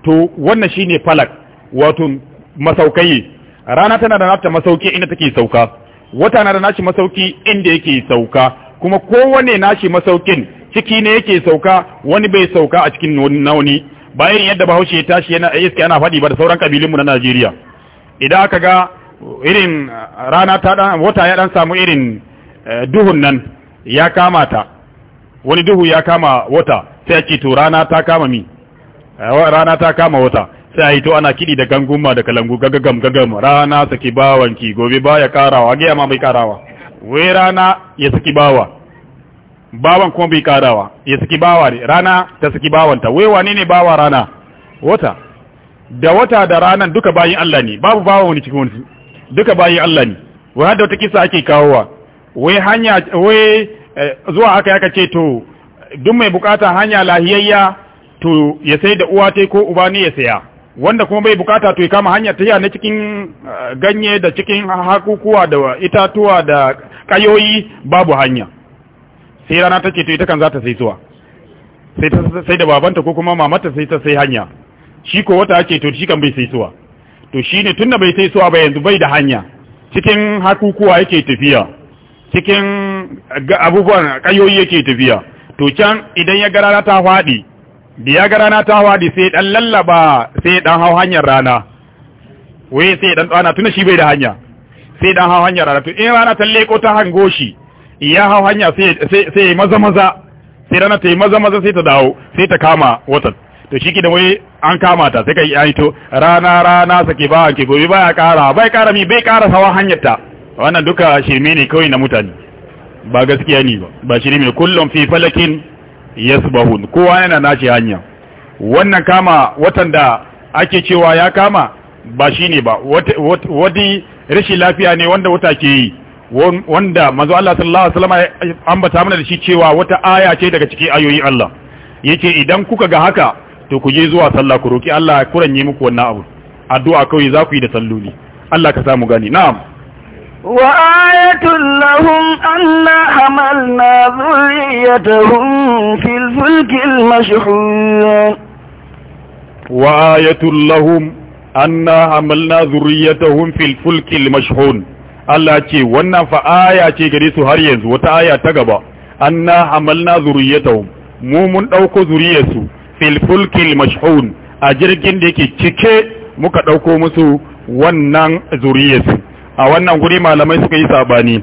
to wannan shine falak wato masaukai rana tana da nata masauki inda take sauka wata na da nashi masauki inda yake sauka kuma kowane nashi masaukin ciki ne yake sauka wani bai sauka a cikin nauni bayan yadda bahaushe ya tashi yana iska yana faɗi ba da sauran kabilunmu na Najeriya idan aka ga irin uh, rana ta dan wata ya dan samu irin uh, duhun nan ya kama ta wani duhu ya kama wata sai ce to rana ta kama mi uh, rana ta kama wata sai a yi to ana kiɗi da ganguma da kalangu gagagam gagam rana saki bawanki gobe ba ya karawa gaya ma bai karawa wai rana ya saki bawa bawan kuma bai karawa ya saki bawa ne rana ta saki bawanta wai wane ne bawa rana wata da wata da ranan duka bayin Allah ne babu bawa wani cikin wani duka bayin Allah ne wai hadda wata kisa ake kawowa wai hanya wai eh, zuwa aka ya ce to duk mai bukata hanya lahiyayya to ya sai da uwa ta ko uba ne ya saya wanda kuma bai bukata to ya kama hanyar tafiya na cikin uh, ganye da cikin hakukuwa da itatuwa da kayoyi babu hanya sai rana ta ce to ita kan za ta sai suwa sai da babanta ko kuma mamata sai ta sai hanya shi ko wata ake to shi kan bai sai suwa to shi ne tunda bai sai suwa ba yanzu bai da hanya cikin hakukuwa yake tafiya cikin uh, abubuwan kayoyi yake tafiya to can idan ya garara ta faɗi da ya ga rana ta hawa sai dan lallaba sai dan hau hanyar rana wai sai dan tsana tuna shi bai da hanya sai dan hau hanyar rana to in rana ta leko ta hango shi ya hau hanya sai sai maza maza sai rana ta yi maza maza sai ta dawo sai ta kama watan to shi ki da wai an kama ta sai kai ai to rana rana sake ba ki gobe baya kara bai kara mi bai kara hawa hanyar ta wannan duka shirme ne kawai na mutane ba gaskiya ne ba ba shirme kullum fi falakin yasbahun kowa yana nace hanya wannan kama watan da ake cewa ya kama ba shine ba wadi rashin lafiya ne wanda wata ke yi wanda manzo Allah sallallahu alaihi wasallam ambata mana da shi cewa wata aya ce daga cikin ayoyi Allah yake idan kuka ga haka to ku je zuwa sallah ku roki Allah ya kuranye muku wannan abu addu'a kawai za ku yi da salloli Allah ka samu gani na'am وآية لهم أنا حملنا ذريتهم في الفلك المشحون وآية لهم أنا حملنا ذريتهم في الفلك المشحون Allah ce wannan fa aya ce gare su har yanzu wata aya ta gaba anna hamalna zuriyatahum mu mun dauko zuriyarsu fil fulkil mashhun a jirgin da yake cike muka dauko musu wannan zuriyarsu a wannan guri malamai suka yi sabani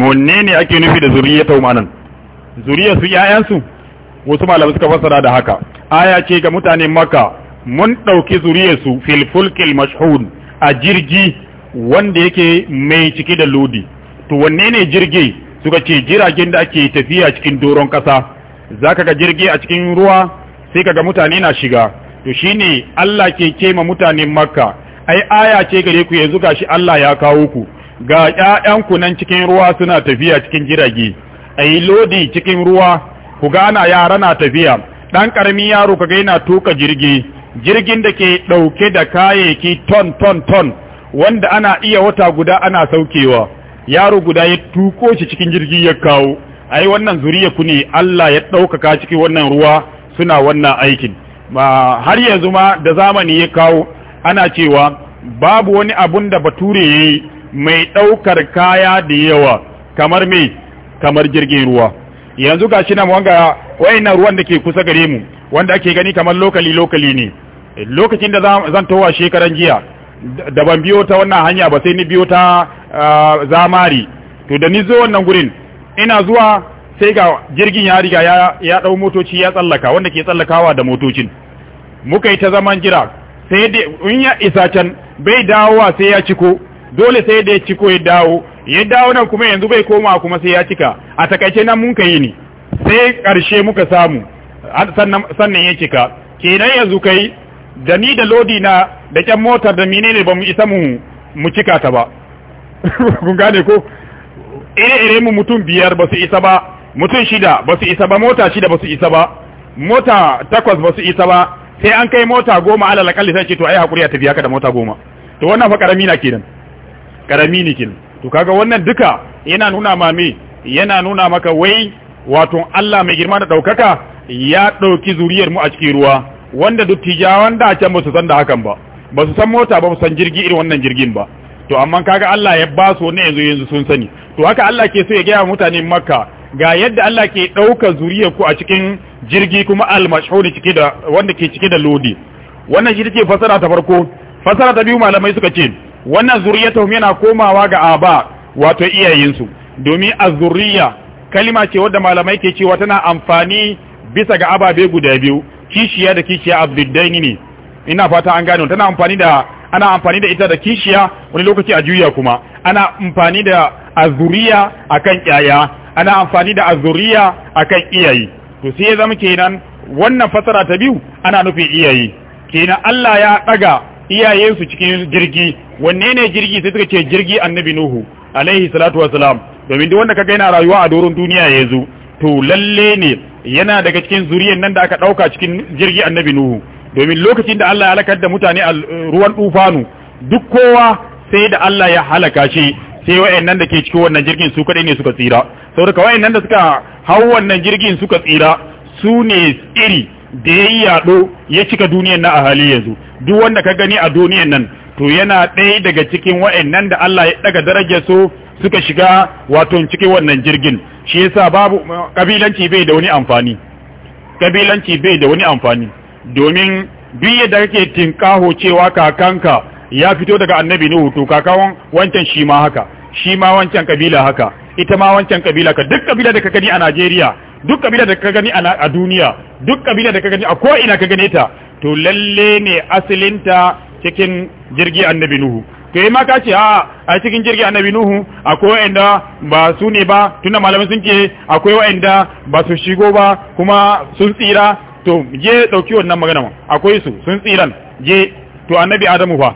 wanne ne ake nufi da zuriyatu umanan zuriyar su yayansu wasu malamai suka fassara da haka aya ce ga mutanen makka mun ɗauki zuriyar su fil fulkil mashhud a jirgi wanda yake mai cike da lodi to wanne ne jirgi suka ce jiragen da ake tafiya cikin doron kasa zaka ga jirgi a cikin ruwa sai kaga mutane na shiga to shine Allah ke kema mutanen makka ai aya ce gare ku yanzu gashi Allah ya kawo ku ga ƴaƴanku nan cikin ruwa suna tafiya cikin jirage ai lodi cikin ruwa ku gana yara na tafiya dan karami yaro kaga yana tuka jirgi jirgin da ke dauke da kayayyaki ton ton ton wanda ana iya wata guda ana saukewa yaro guda ya tuko shi cikin jirgi ya kawo ai wannan zuriya ku ne Allah ya ɗaukaka cikin wannan ruwa suna wannan aikin har yanzu ma da zamani ya kawo ana cewa babu wani abun da bature ya yi mai ɗaukar kaya da yawa kamar me kamar jirgin ruwa yanzu ga shi nan wanga wayannan ruwan da ke kusa gare mu wanda ake gani kamar lokali lokali ne lokacin da zan towa shekaran jiya da ban biyo ta wannan hanya ba sai ni biyo ta zamari to da ni zo wannan gurin ina zuwa sai ga jirgin ya riga ya ɗau motoci ya tsallaka wanda ke tsallakawa da motocin muka yi ta zaman jira sai da in ya isa can bai dawo wa sai ya ciko dole sai da ya ciko ya dawo ya dawo nan kuma yanzu bai koma kuma sai ya cika a takaice nan mun kai ni sai karshe muka samu sannan sannan ya cika kenan yanzu kai da ni da lodi na da kyan motar da menene ba mu isa mu mu cika ta ba <laughs> kun gane ko ire-ire mu mutum biyar ba su isa ba mutum shida ba su isa ba mota shida ba su isa ba mota takwas ba su isa ba sai an kai mota goma alal akalli sai ce to ai hakuri ya tafi haka da mota goma to wannan fa karami na kenan karami ne kenan to kaga wannan duka yana nuna ma yana nuna maka wai wato Allah mai girma da daukaka ya dauki zuriyar mu a cikin ruwa wanda duk tijawan da can ba su san da hakan ba ba su san mota ba su san jirgi irin wannan jirgin ba to amma kaga Allah ya ba su wannan yanzu yanzu sun sani to haka Allah ke so ya gaya mutane Makka ga yadda Allah ke ɗaukar zuriyar ku a cikin jirgi kuma al-mashhuri cike da wanda ke cike da lodi wannan shi take fasara ta farko fasara ta biyu malamai suka ce wannan zuriyatuhum yana komawa ga aba wato iyayensu domin azuriya kalima ce wadda malamai ke cewa tana amfani bisa ga ababe guda biyu kishiya da kishiya abdiddaini ne ina fata an gano tana amfani da ana amfani da ita da kishiya wani lokaci a juya kuma ana amfani da azuriya akan kyaya ana amfani da azuriya akan iyayi to sai ya zama kenan wannan fasara ta biyu ana nufin iyayi kenan Allah ya daga iyayensu cikin jirgi wanne ne jirgi sai suka ce jirgi annabi nuhu alaihi salatu wassalam domin duk wanda kaga yana rayuwa a doron duniya yanzu to lalle ne yana daga cikin zuriyar nan da aka dauka cikin jirgi annabi nuhu domin lokacin da Allah ya halakar da mutane a ruwan dufanu duk kowa sai da Allah ya halaka shi sai wayannan da ke cikin wannan jirgin su kadai ne suka tsira saboda wayannan da suka hau wannan jirgin suka tsira su ne iri da ya yi yaɗo ya cika duniyan nan a hali yanzu duk wanda ka gani a duniyan nan to yana ɗaya daga cikin wayannan da Allah ya ɗaga darajar su suka shiga wato cikin wannan jirgin shi yasa babu kabilanci bai da wani amfani kabilanci bai da wani amfani domin duk yadda kake tinkaho cewa kakanka ya fito daga annabi nuhu to kakawan wancan shi ma haka shi ma wancan kabila haka ita ma wancan kabila ka duk kabila da ka gani a Najeriya duk kabila da ka gani a duniya duk kabila da ka gani a ko ina ka gane ta to lalle ne asalinta cikin jirgi annabi nuhu to ma ka ce a cikin jirgi annabi nuhu akwai wa'anda ba su ne ba tunda malamin sun ce akwai wa'anda ba su shigo ba kuma sun tsira to je dauki wannan magana akwai su sun tsiran je to annabi adamu fa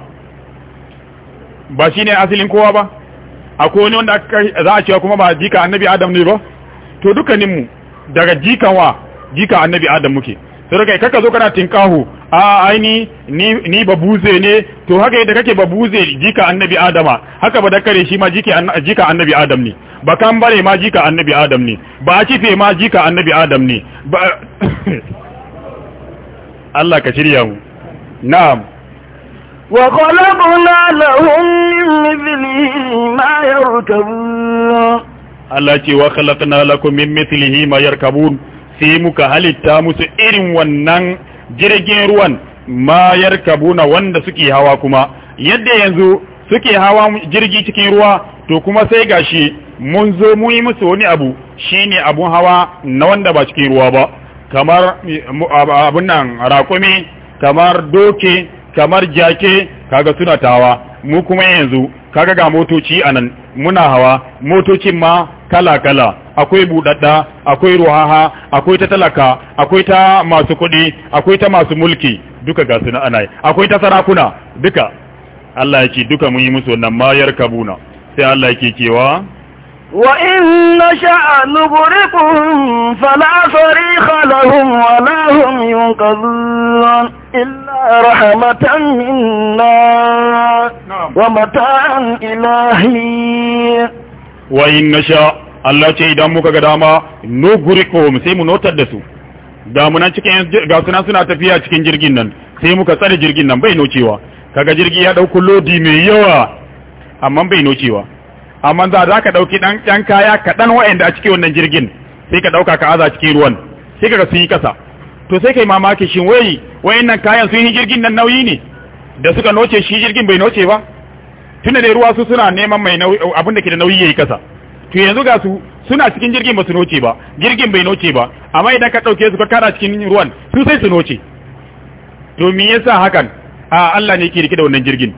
ba shine asalin kowa ba akwai wani wanda za a cewa kuma ba jika annabi adam ne ba to dukkaninmu daga jikan wa jika annabi adam muke sai kai kaka zo kana tinkahu a aini ni ni babuze ne to haka yadda kake babuze jika annabi adama haka ba dakare shi ma jika jika annabi adam ne ba kan bare ma jika annabi adam ne ba a kife ma jika annabi adam ne <coughs> Allah ka shirya mu na'am وخلقنا لهم من مثله ما يركبون Allah ce wa khalaqna lakum min mithlihi ma yarkabun sai muka halitta musu irin wannan jirgin ruwan ma yarkabuna wanda suke hawa kuma yadda yanzu suke hawa jirgi cikin ruwa to kuma sai gashi mun zo mu yi musu wani abu shine abun hawa na wanda ba cikin ruwa ba kamar eh, abun nan raƙumi kamar doke kamar jake kaga suna tawa mu kuma yanzu kaga ga motoci anan muna hawa motocin ma kala kala akwai budadda akwai ruhaha akwai ta talaka akwai ta masu kuɗi akwai ta masu mulki duka ga suna anai akwai ta sarakuna duka Allah yake duka mun yi musu wannan mayar kabuna sai Allah yake cewa wa in sha'a nuburikum fala fariha lahum wa lahum yunqadhun Illa rahmatan إلا رحمة منا ومتاعا إلهي وإن نشاء Allah ce idan muka ga dama nugurikohum sai mu notar da su damuna cikin ga suna suna tafiya cikin jirgin nan sai muka tsare jirgin nan bai nocewa kaga jirgi ya dauko lodi mai yawa amma bai nocewa amma za za ka dauki dan dan kaya kadan wa'anda a cikin wannan jirgin sai ka dauka ka aza cikin ruwan sai ka ga sun yi kasa to sai kai mamaki shin wai wayannan kayan sun yi jirgin nan nauyi ne da suka noce shi jirgin bai noce ba tunda dai ruwa su suna neman mai abin da ke da nauyi yayi kasa to yanzu ga su suna cikin jirgin ba su noce ba jirgin bai noce ba amma idan ka dauke su ka kara cikin ruwan su sai su noce to me yasa hakan a Allah ne yake rike da wannan jirgin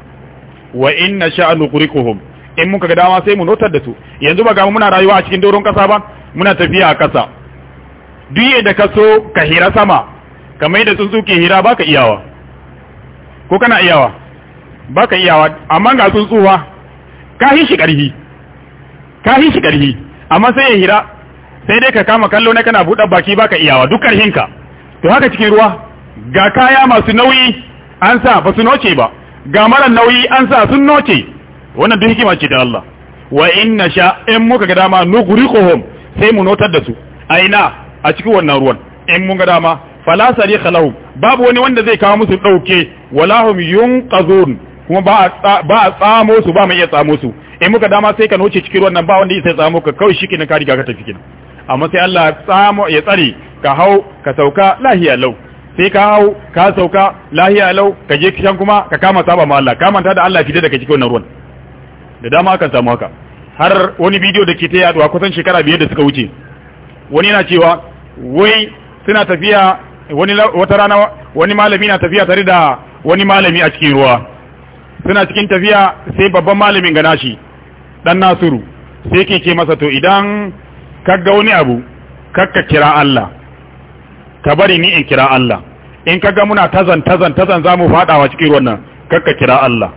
wa inna sha'anu qurikuhum in muka ga dama sai mu notar da su yanzu ba ga muna rayuwa a cikin doron kasa ba muna tafiya a kasa duk da ka so ka hira sama kamar yadda tsuntsu ke hira baka iyawa ko kana iyawa baka iyawa amma ga tsuntsuwa ka hi shi karhi ka hi shi karhi amma sai ya hira sai dai ka kama kallo na kana buɗe baki baka iyawa duk ka. to haka cikin ruwa ga kaya masu nauyi an sa ba su noce ba ga mara nauyi an sa sun noce wannan duk hikima ce ta Allah wa inna sha in muka ga dama nughriquhum sai mu notar da su aina a cikin wannan ruwan in mun ga dama fala sari khalahu babu wani wanda zai kawo musu dauke walahum yunqazun kuma ba a ba a tsamo su ba mai iya tsamo su in muka dama sai ka noce cikin ruwan nan ba wanda zai tsamo ka kawai shi kenan ka riga ka tafi kenan amma sai Allah ya tsamo ya tsare ka hau ka sauka lahiya lau sai ka hau ka sauka lahiya lau ka je kishan kuma ka kama saba ma Allah kamanta da Allah fita daga cikin wannan ruwan da dama akan samu haka har wani bidiyo da ke ta yaduwa kusan shekara biyar da suka wuce wani yana cewa wai suna tafiya wani wata rana wani malami na tafiya tare da wani malami a cikin ruwa suna cikin tafiya sai babban malamin gana shi dan nasuru sai ke ce masa to idan kaga wani abu kakka kira Allah ka bari ni in kira Allah in kaga muna tazan tazan tazan zamu fadawa cikin ruwan nan kakka kira Allah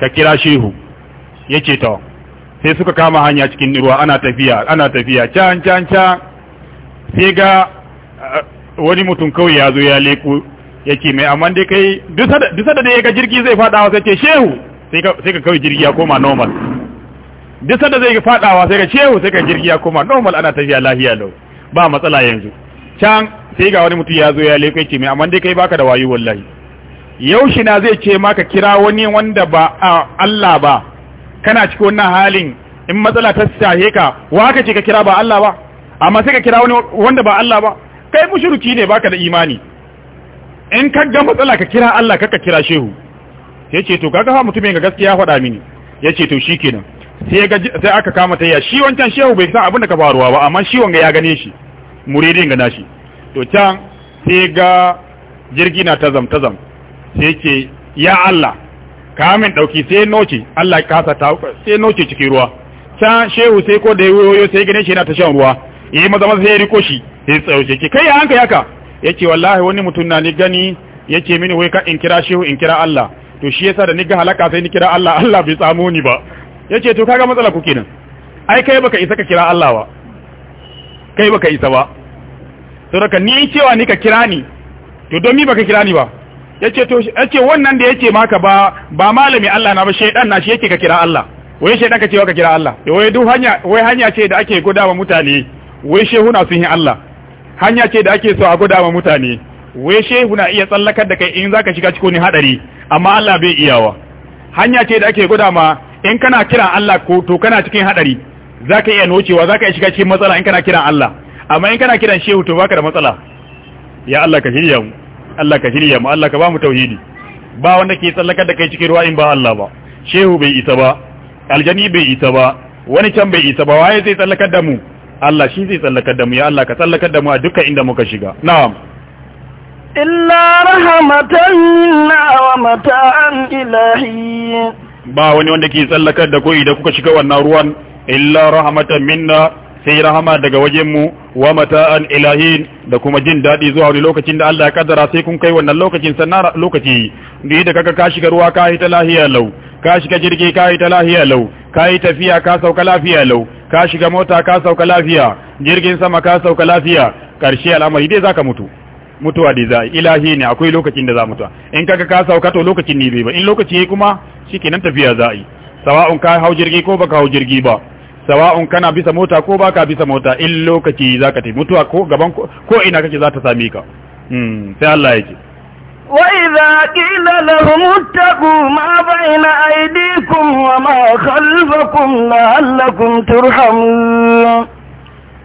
ka kira shehu yace to sai suka kama hanya cikin ruwa ana tafiya ana tafiya can can can sai ga uh, wani mutum kawai ya zo ya leku ya ce mai amma dai kai duk da ya ga jirgi zai fadawa sai ce shehu sai ka kawai jirgi ya koma normal duk da zai fadawa sai ka shehu sai ka jirgi ya koma normal ana tafiya lahiya lau ba matsala yanzu can sai ga wani mutum ya zo ya leku ya ce mai amma dai kai baka da wayo wallahi shi na zai ce maka kira wani wanda ba a Allah ba kana cikin wannan halin in matsala ta shahe ka wa ka ce ka kira ba Allah ba amma sai ka kira wani wanda ba Allah ba kai mushriki ne baka da imani in ka ga matsala ka kira Allah ka kira shehu yace to kaga fa mutumin ga gaskiya faɗa mini yace to shikenan sai ga sai aka kama tayya shi wancan shehu bai san abin da ka faruwa ba amma shi wanga ya gane shi muridin ga nashi to can sai ga jirgi na tazam tazam sai ce ya Allah ka min dauki sai noce Allah ya kasa ta sai noce cikin ruwa can shehu sai ko da yoyo sai gane shi yana ta shan ruwa yi maza maza sai ya riko shi sai tsauce ke kai hanka yaka ce, wallahi wani mutum na ni gani Ya ce mini wai ka in kira shehu in kira Allah to shi yasa da ni ga halaka sai ni kira Allah <laughs> Allah bai tsamo ni ba Ya ce to kaga matsala ku kenan ai kai baka isa ka kira Allah ba kai baka isa ba saboda ni cewa ni ka kira ni to don mi baka kira ni ba ce to ce wannan da ya ce maka ba ba malami Allah na ba shaydan na shi yake ka kira Allah Wai shaydan ka cewa ka kira Allah wai duk hanya wai hanya ce da ake gudawa mutane wai shehuna sun yi Allah hanya ce da ake so a gwada ma mutane wai shehuna iya tsallakar da kai in zaka shiga cikin hadari amma Allah bai iyawa hanya ce da ake gwada ma in kana kira Allah ko to kana cikin hadari zaka iya nocewa zaka iya shiga cikin matsala in kana kira Allah amma in kana kiran shehu to baka da matsala ya Allah ka shirya mu Allah ka shirya mu Allah ka ba mu tauhidi ba wanda ke tsallakar da kai cikin ruwa in ba Allah ba shehu bai isa ba aljani bai isa ba wani can bai isa ba waye zai tsallakar da mu Allah shi zai tsallakar da mu ya Allah ka tsallakar da mu a dukkan inda muka shiga na'am illa rahmatan minna wa mata'an ilahi ba wani wanda ke tsallakar da koyi da kuka shiga wannan ruwan illa rahmatan minna sai rahama daga wajen mu wa mata'an ilahi da kuma jin daɗi zuwa wani lokacin da Allah ya kaddara sai kun kai wannan lokacin sannan lokaci da da kaga ka shiga ruwa ka yi ta lahiya lau ka shiga jirgi ka yi ta lahiya lau ka yi tafiya ka sauka lafiya lau ka shiga mota ka sauka lafiya jirgin sama ka sauka lafiya karshe al'amari dai zaka mutu mutuwa dai za ilahi ne akwai lokacin da za mutu in kaga ka sauka to lokacin ne bai ba in lokaci yayi kuma shikenan tafiya za yi sawa'un ka hau jirgi ko baka hau jirgi ba sawa'un kana bisa mota ko baka bisa mota in lokaci zaka ta mutuwa ko gaban ko ina kake za ta same ka hmm, sai Allah ya ce وإذا قيل لهم اتقوا ما بين أيديكم وما خلفكم لعلكم ترحمون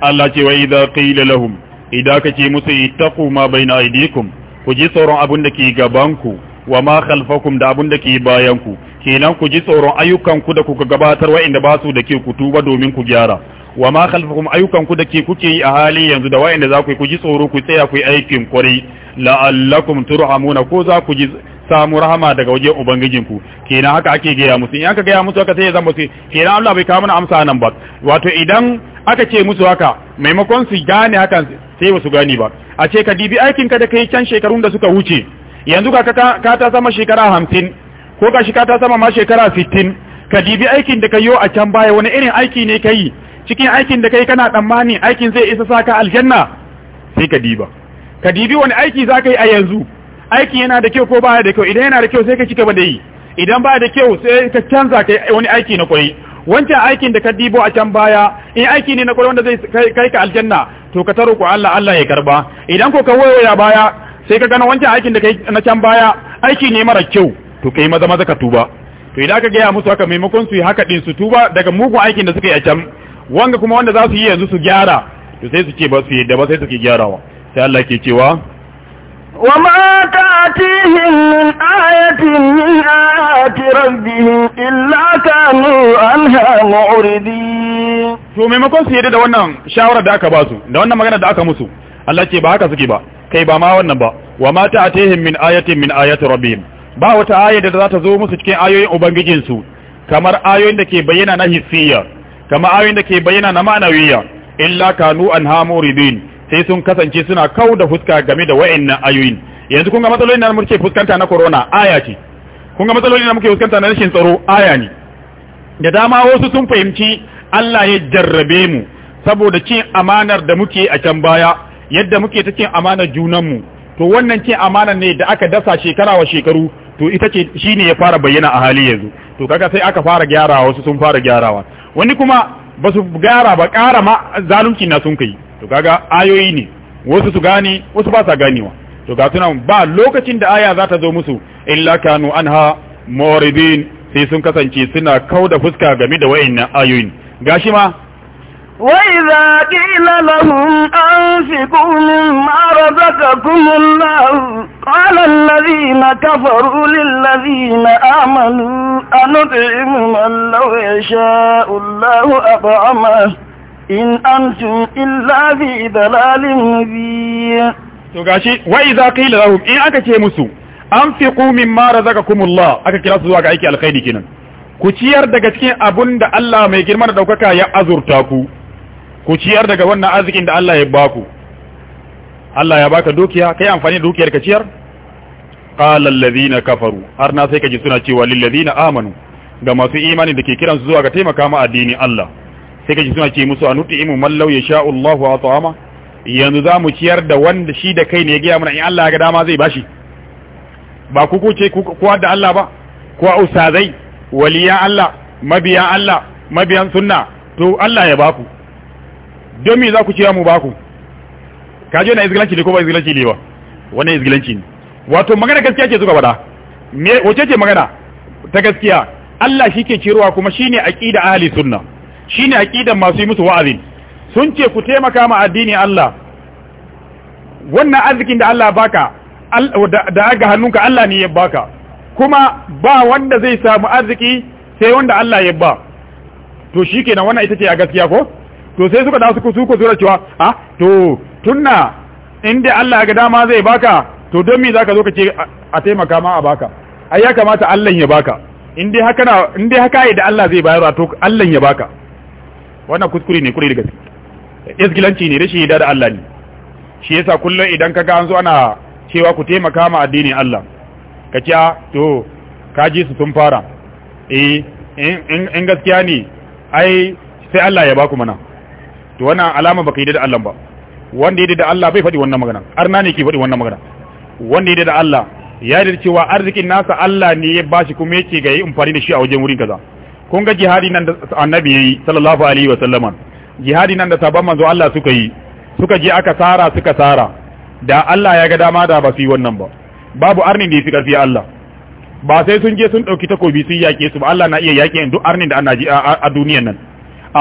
الله ce wai idza qila lahum idan kace musu ittaqu ma baina aydikum ku ji tsoron abun da ke gabanku wa ma khalfakum da abun da ke bayanku kenan ku ji tsoron ayyukanku da kuka gabatar wa'inda ba su da ke ku tuba domin ku gyara wa ma khalfakum ayyukanku da ke kuke yi a halin yanzu da wa'inda za ku ji tsoro ku tsaya ku yi aikin kwarai la'allakum turhamuna ko za ku ji samu rahama daga waje ubangijinku kenan haka ake gaya musu in aka gaya musu haka sai ya zama su kenan Allah bai kawo mana amsa nan ba wato idan aka ce musu haka maimakon su gane hakan sai ba su gane ba a ce ka dibi aikin ka da kai can shekarun da suka wuce yanzu ka ka ta sama shekara hamsin ko ka shika ta sama ma shekara sittin ka dibi aikin da ka yi a can baya wani irin aiki ne ka yi cikin aikin da kai kana tsammani aikin zai isa saka aljanna sai ka diba ka dibi wani aiki za ka yi a yanzu aikin yana da kyau ko ba da kyau idan yana da kyau sai ka ci gaba da yi idan ba da kyau sai ka canza ka wani aiki na kwai wancan aikin da ka dibo a can baya in aiki ne na kwai wanda zai kai ka aljanna to ka taro ku Allah Allah ya karba idan ko ka wayoya baya sai ka gano wancan aikin da kai na can baya aiki ne mara kyau to kai maza maza ka tuba to idan ka gaya musu haka maimakon su yi haka din su tuba daga mugun aikin da suka yi a can wanga kuma wanda za su yi yanzu su gyara to sai su ce ba su yi da ba sai suke gyarawa sai Allah ke cewa وما تأتيهم من آية من آيات ربهم إلا كانوا عنها معرضين to maimakon su yadda da wannan shawarar da aka ba su da wannan magana da aka musu Allah ce ba haka suke ba kai ba ma wannan ba wa ma ta'atihim min ayatin min ayati rabbihim ba wata aya da za ta zo musu cikin ayoyin ubangijin su kamar ayoyin da ke bayyana na hissiya kamar ayoyin da ke bayyana na ma'anawiyya illa kanu anha muridin sai sun kasance suna kau da fuska game da wa'annan ayoyin yanzu kun ga matsalolin da muke fuskanta na corona aya ce kun ga matsalolin da muke fuskanta na rashin tsaro aya ne da dama wasu sun fahimci Allah ya jarrabe mu saboda cin amanar da muke a can baya yadda muke ta cin amanar junanmu to wannan cin amanar ne da aka dasa shekara wa shekaru to ita ce shine ya fara bayyana a hali yanzu to kaga sai aka fara gyarawa wasu sun fara gyarawa wani kuma ba su gyara ba ƙara ma zalunci na sun kai to kaga ayoyi ne wasu su gani wasu ba sa ganiwa to ga tunan ba lokacin da aya za ta zo musu illa kanu anha muridin sai sun kasance suna kauda fuska game da wayannan ayoyin gashi ma wa idza qila lahum anfiqu mimma razaqakum Allah qala alladhina kafaru lilladhina amanu anud'imu man law yasha'u Allah at'amahu in antum illa fi dalalin mubin to gashi wa idza qila lahum in aka ce musu mara mimma razaqakumullah aka kira su zuwa ga aiki alkhairi kenan ku ciyar daga cikin abun da Allah mai girma da daukaka ya azurta ku ku ciyar daga wannan arzikin da Allah ya baku Allah ya baka dukiya kai amfani da dukiyar ka ciyar qala alladhina kafaru har na sai ji suna cewa lil na amanu ga masu imani da ke kiransu zuwa ga taimaka ma Allah sai kaji suna ce musu anuti'imu Mallau ya yasha'u Allahu ta'ama yanzu za mu ciyar da wanda shi da kai ne ya gaya mana in Allah ya ga dama zai bashi ba ku kuce kuwa da Allah ba kuwa usazai waliya Allah mabiya Allah mabiyan sunna to Allah ya baku don me za ku ciya mu baku ka je na izgilanci ne ko ba izgilanci ne ba wannan izgilanci ne wato magana gaskiya ce suka faɗa me wace ce magana ta gaskiya Allah shi ke cirowa kuma shine aqida ahli sunna Shi ne aqidan masu yi musu wa'azi sun ce ku taimaka ma addini Allah wannan arzikin da Allah baka da aga hannunka Allah ne ya baka kuma ba wanda zai samu arziki sai wanda Allah ya ba to shikenan wannan ita ce a gaskiya ko to sai suka da su su ko zura cewa ah to tunna inda Allah ga dama zai baka to don me zaka zo ka ce a taimaka ma a baka ai ya kamata Allah ya baka in dai haka na in dai haka da Allah zai bayar to Allah ya baka wannan kuskure ne kure da gaske isgilanci ne rashin yarda da Allah ne shi yasa kullum idan kaga an zo ana cewa ku taimaka ma addinin Allah ka kya to kaji su sun fara eh in gaskiya ne ai sai Allah ya baku mana to wannan alama baka yi da Allah ba wanda yi da Allah bai fadi wannan magana arna ne ke fadi wannan magana wanda yi da Allah ya da cewa arzikin nasa Allah ne ya bashi kuma yake ga yi amfani da shi a wajen wurin kaza kun ga jihadi nan da annabi yayi sallallahu alaihi wa sallama jihadi nan da sabon manzo Allah suka yi suka je aka sara suka sara da Allah ya ga dama da ba su yi wannan ba babu arnin da ya fi karfi Allah ba sai sun je sun ɗauki takobi sun yake su ba Allah na iya yake duk arnin da annaji a duniyar nan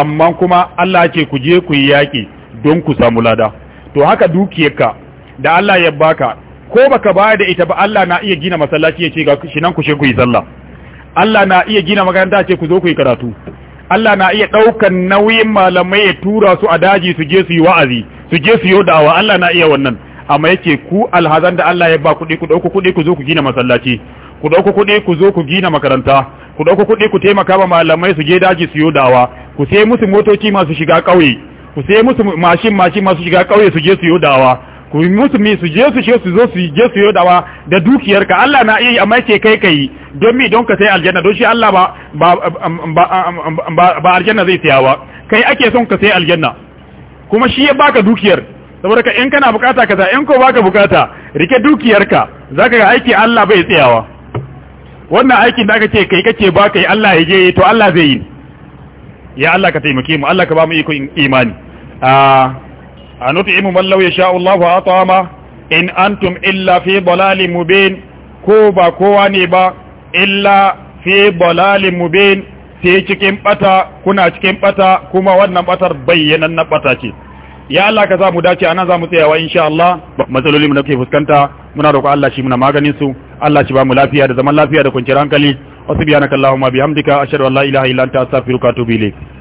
amma kuma Allah ce ku je ku yi yaki don ku samu lada to haka dukiyarka da Allah ya baka ko baka bayar da ita ba Allah na iya gina masallaci ya ce ga shi nan ku shi ku yi sallah Allah na iya gina makaranta ce ku zo ku yi karatu Allah na iya ɗaukan nauyin malamai ya tura su a daji su je su yi wa'azi su je su yi da'awa Allah na iya wannan amma yake ku alhazan da Allah ya ba kuɗi ku ɗauko kuɗi ku zo ku gina masallaci ku ɗauko kuɗi ku zo ku gina makaranta ku ɗauko kuɗi ku taimaka ma malamai su je daji su yi da'awa ku sai musu motoci masu shiga ƙauye ku sai musu mashin mashin masu shiga ƙauye su je su yi da'awa ku musu mi su je su she su zo su je su yodawa da dukiyar ka Allah na iya yi amma ce kai kai don mi don ka sai aljanna don shi Allah ba ba ba aljanna zai saya ba kai ake son ka sai aljanna kuma shi ya baka dukiyar saboda ka in kana bukata kaza in ko baka bukata rike dukiyarka ka ga aiki Allah bai tsayawa wannan aikin da aka ce kai kace ba kai Allah ya je to Allah zai yi ya Allah ka taimake mu Allah ka ba mu iko imani a ah, anut'imu man law yasha Allahu at'ama in antum illa fi dalalin mubin ko ba kowa ne ba illa fi dalalin mubin sai cikin bata kuna cikin bata kuma wannan batar bayyanan na bata ce ya Allah ka mu dace anan zamu tsayawa insha Allah matsaloli mu da kuke fuskanta muna roƙo Allah shi muna maganin su Allah shi ba mu lafiya da zaman lafiya da kwanciyar hankali wasubhanakallahumma bihamdika ashhadu an la ilaha illa anta astaghfiruka wa atubu ilayk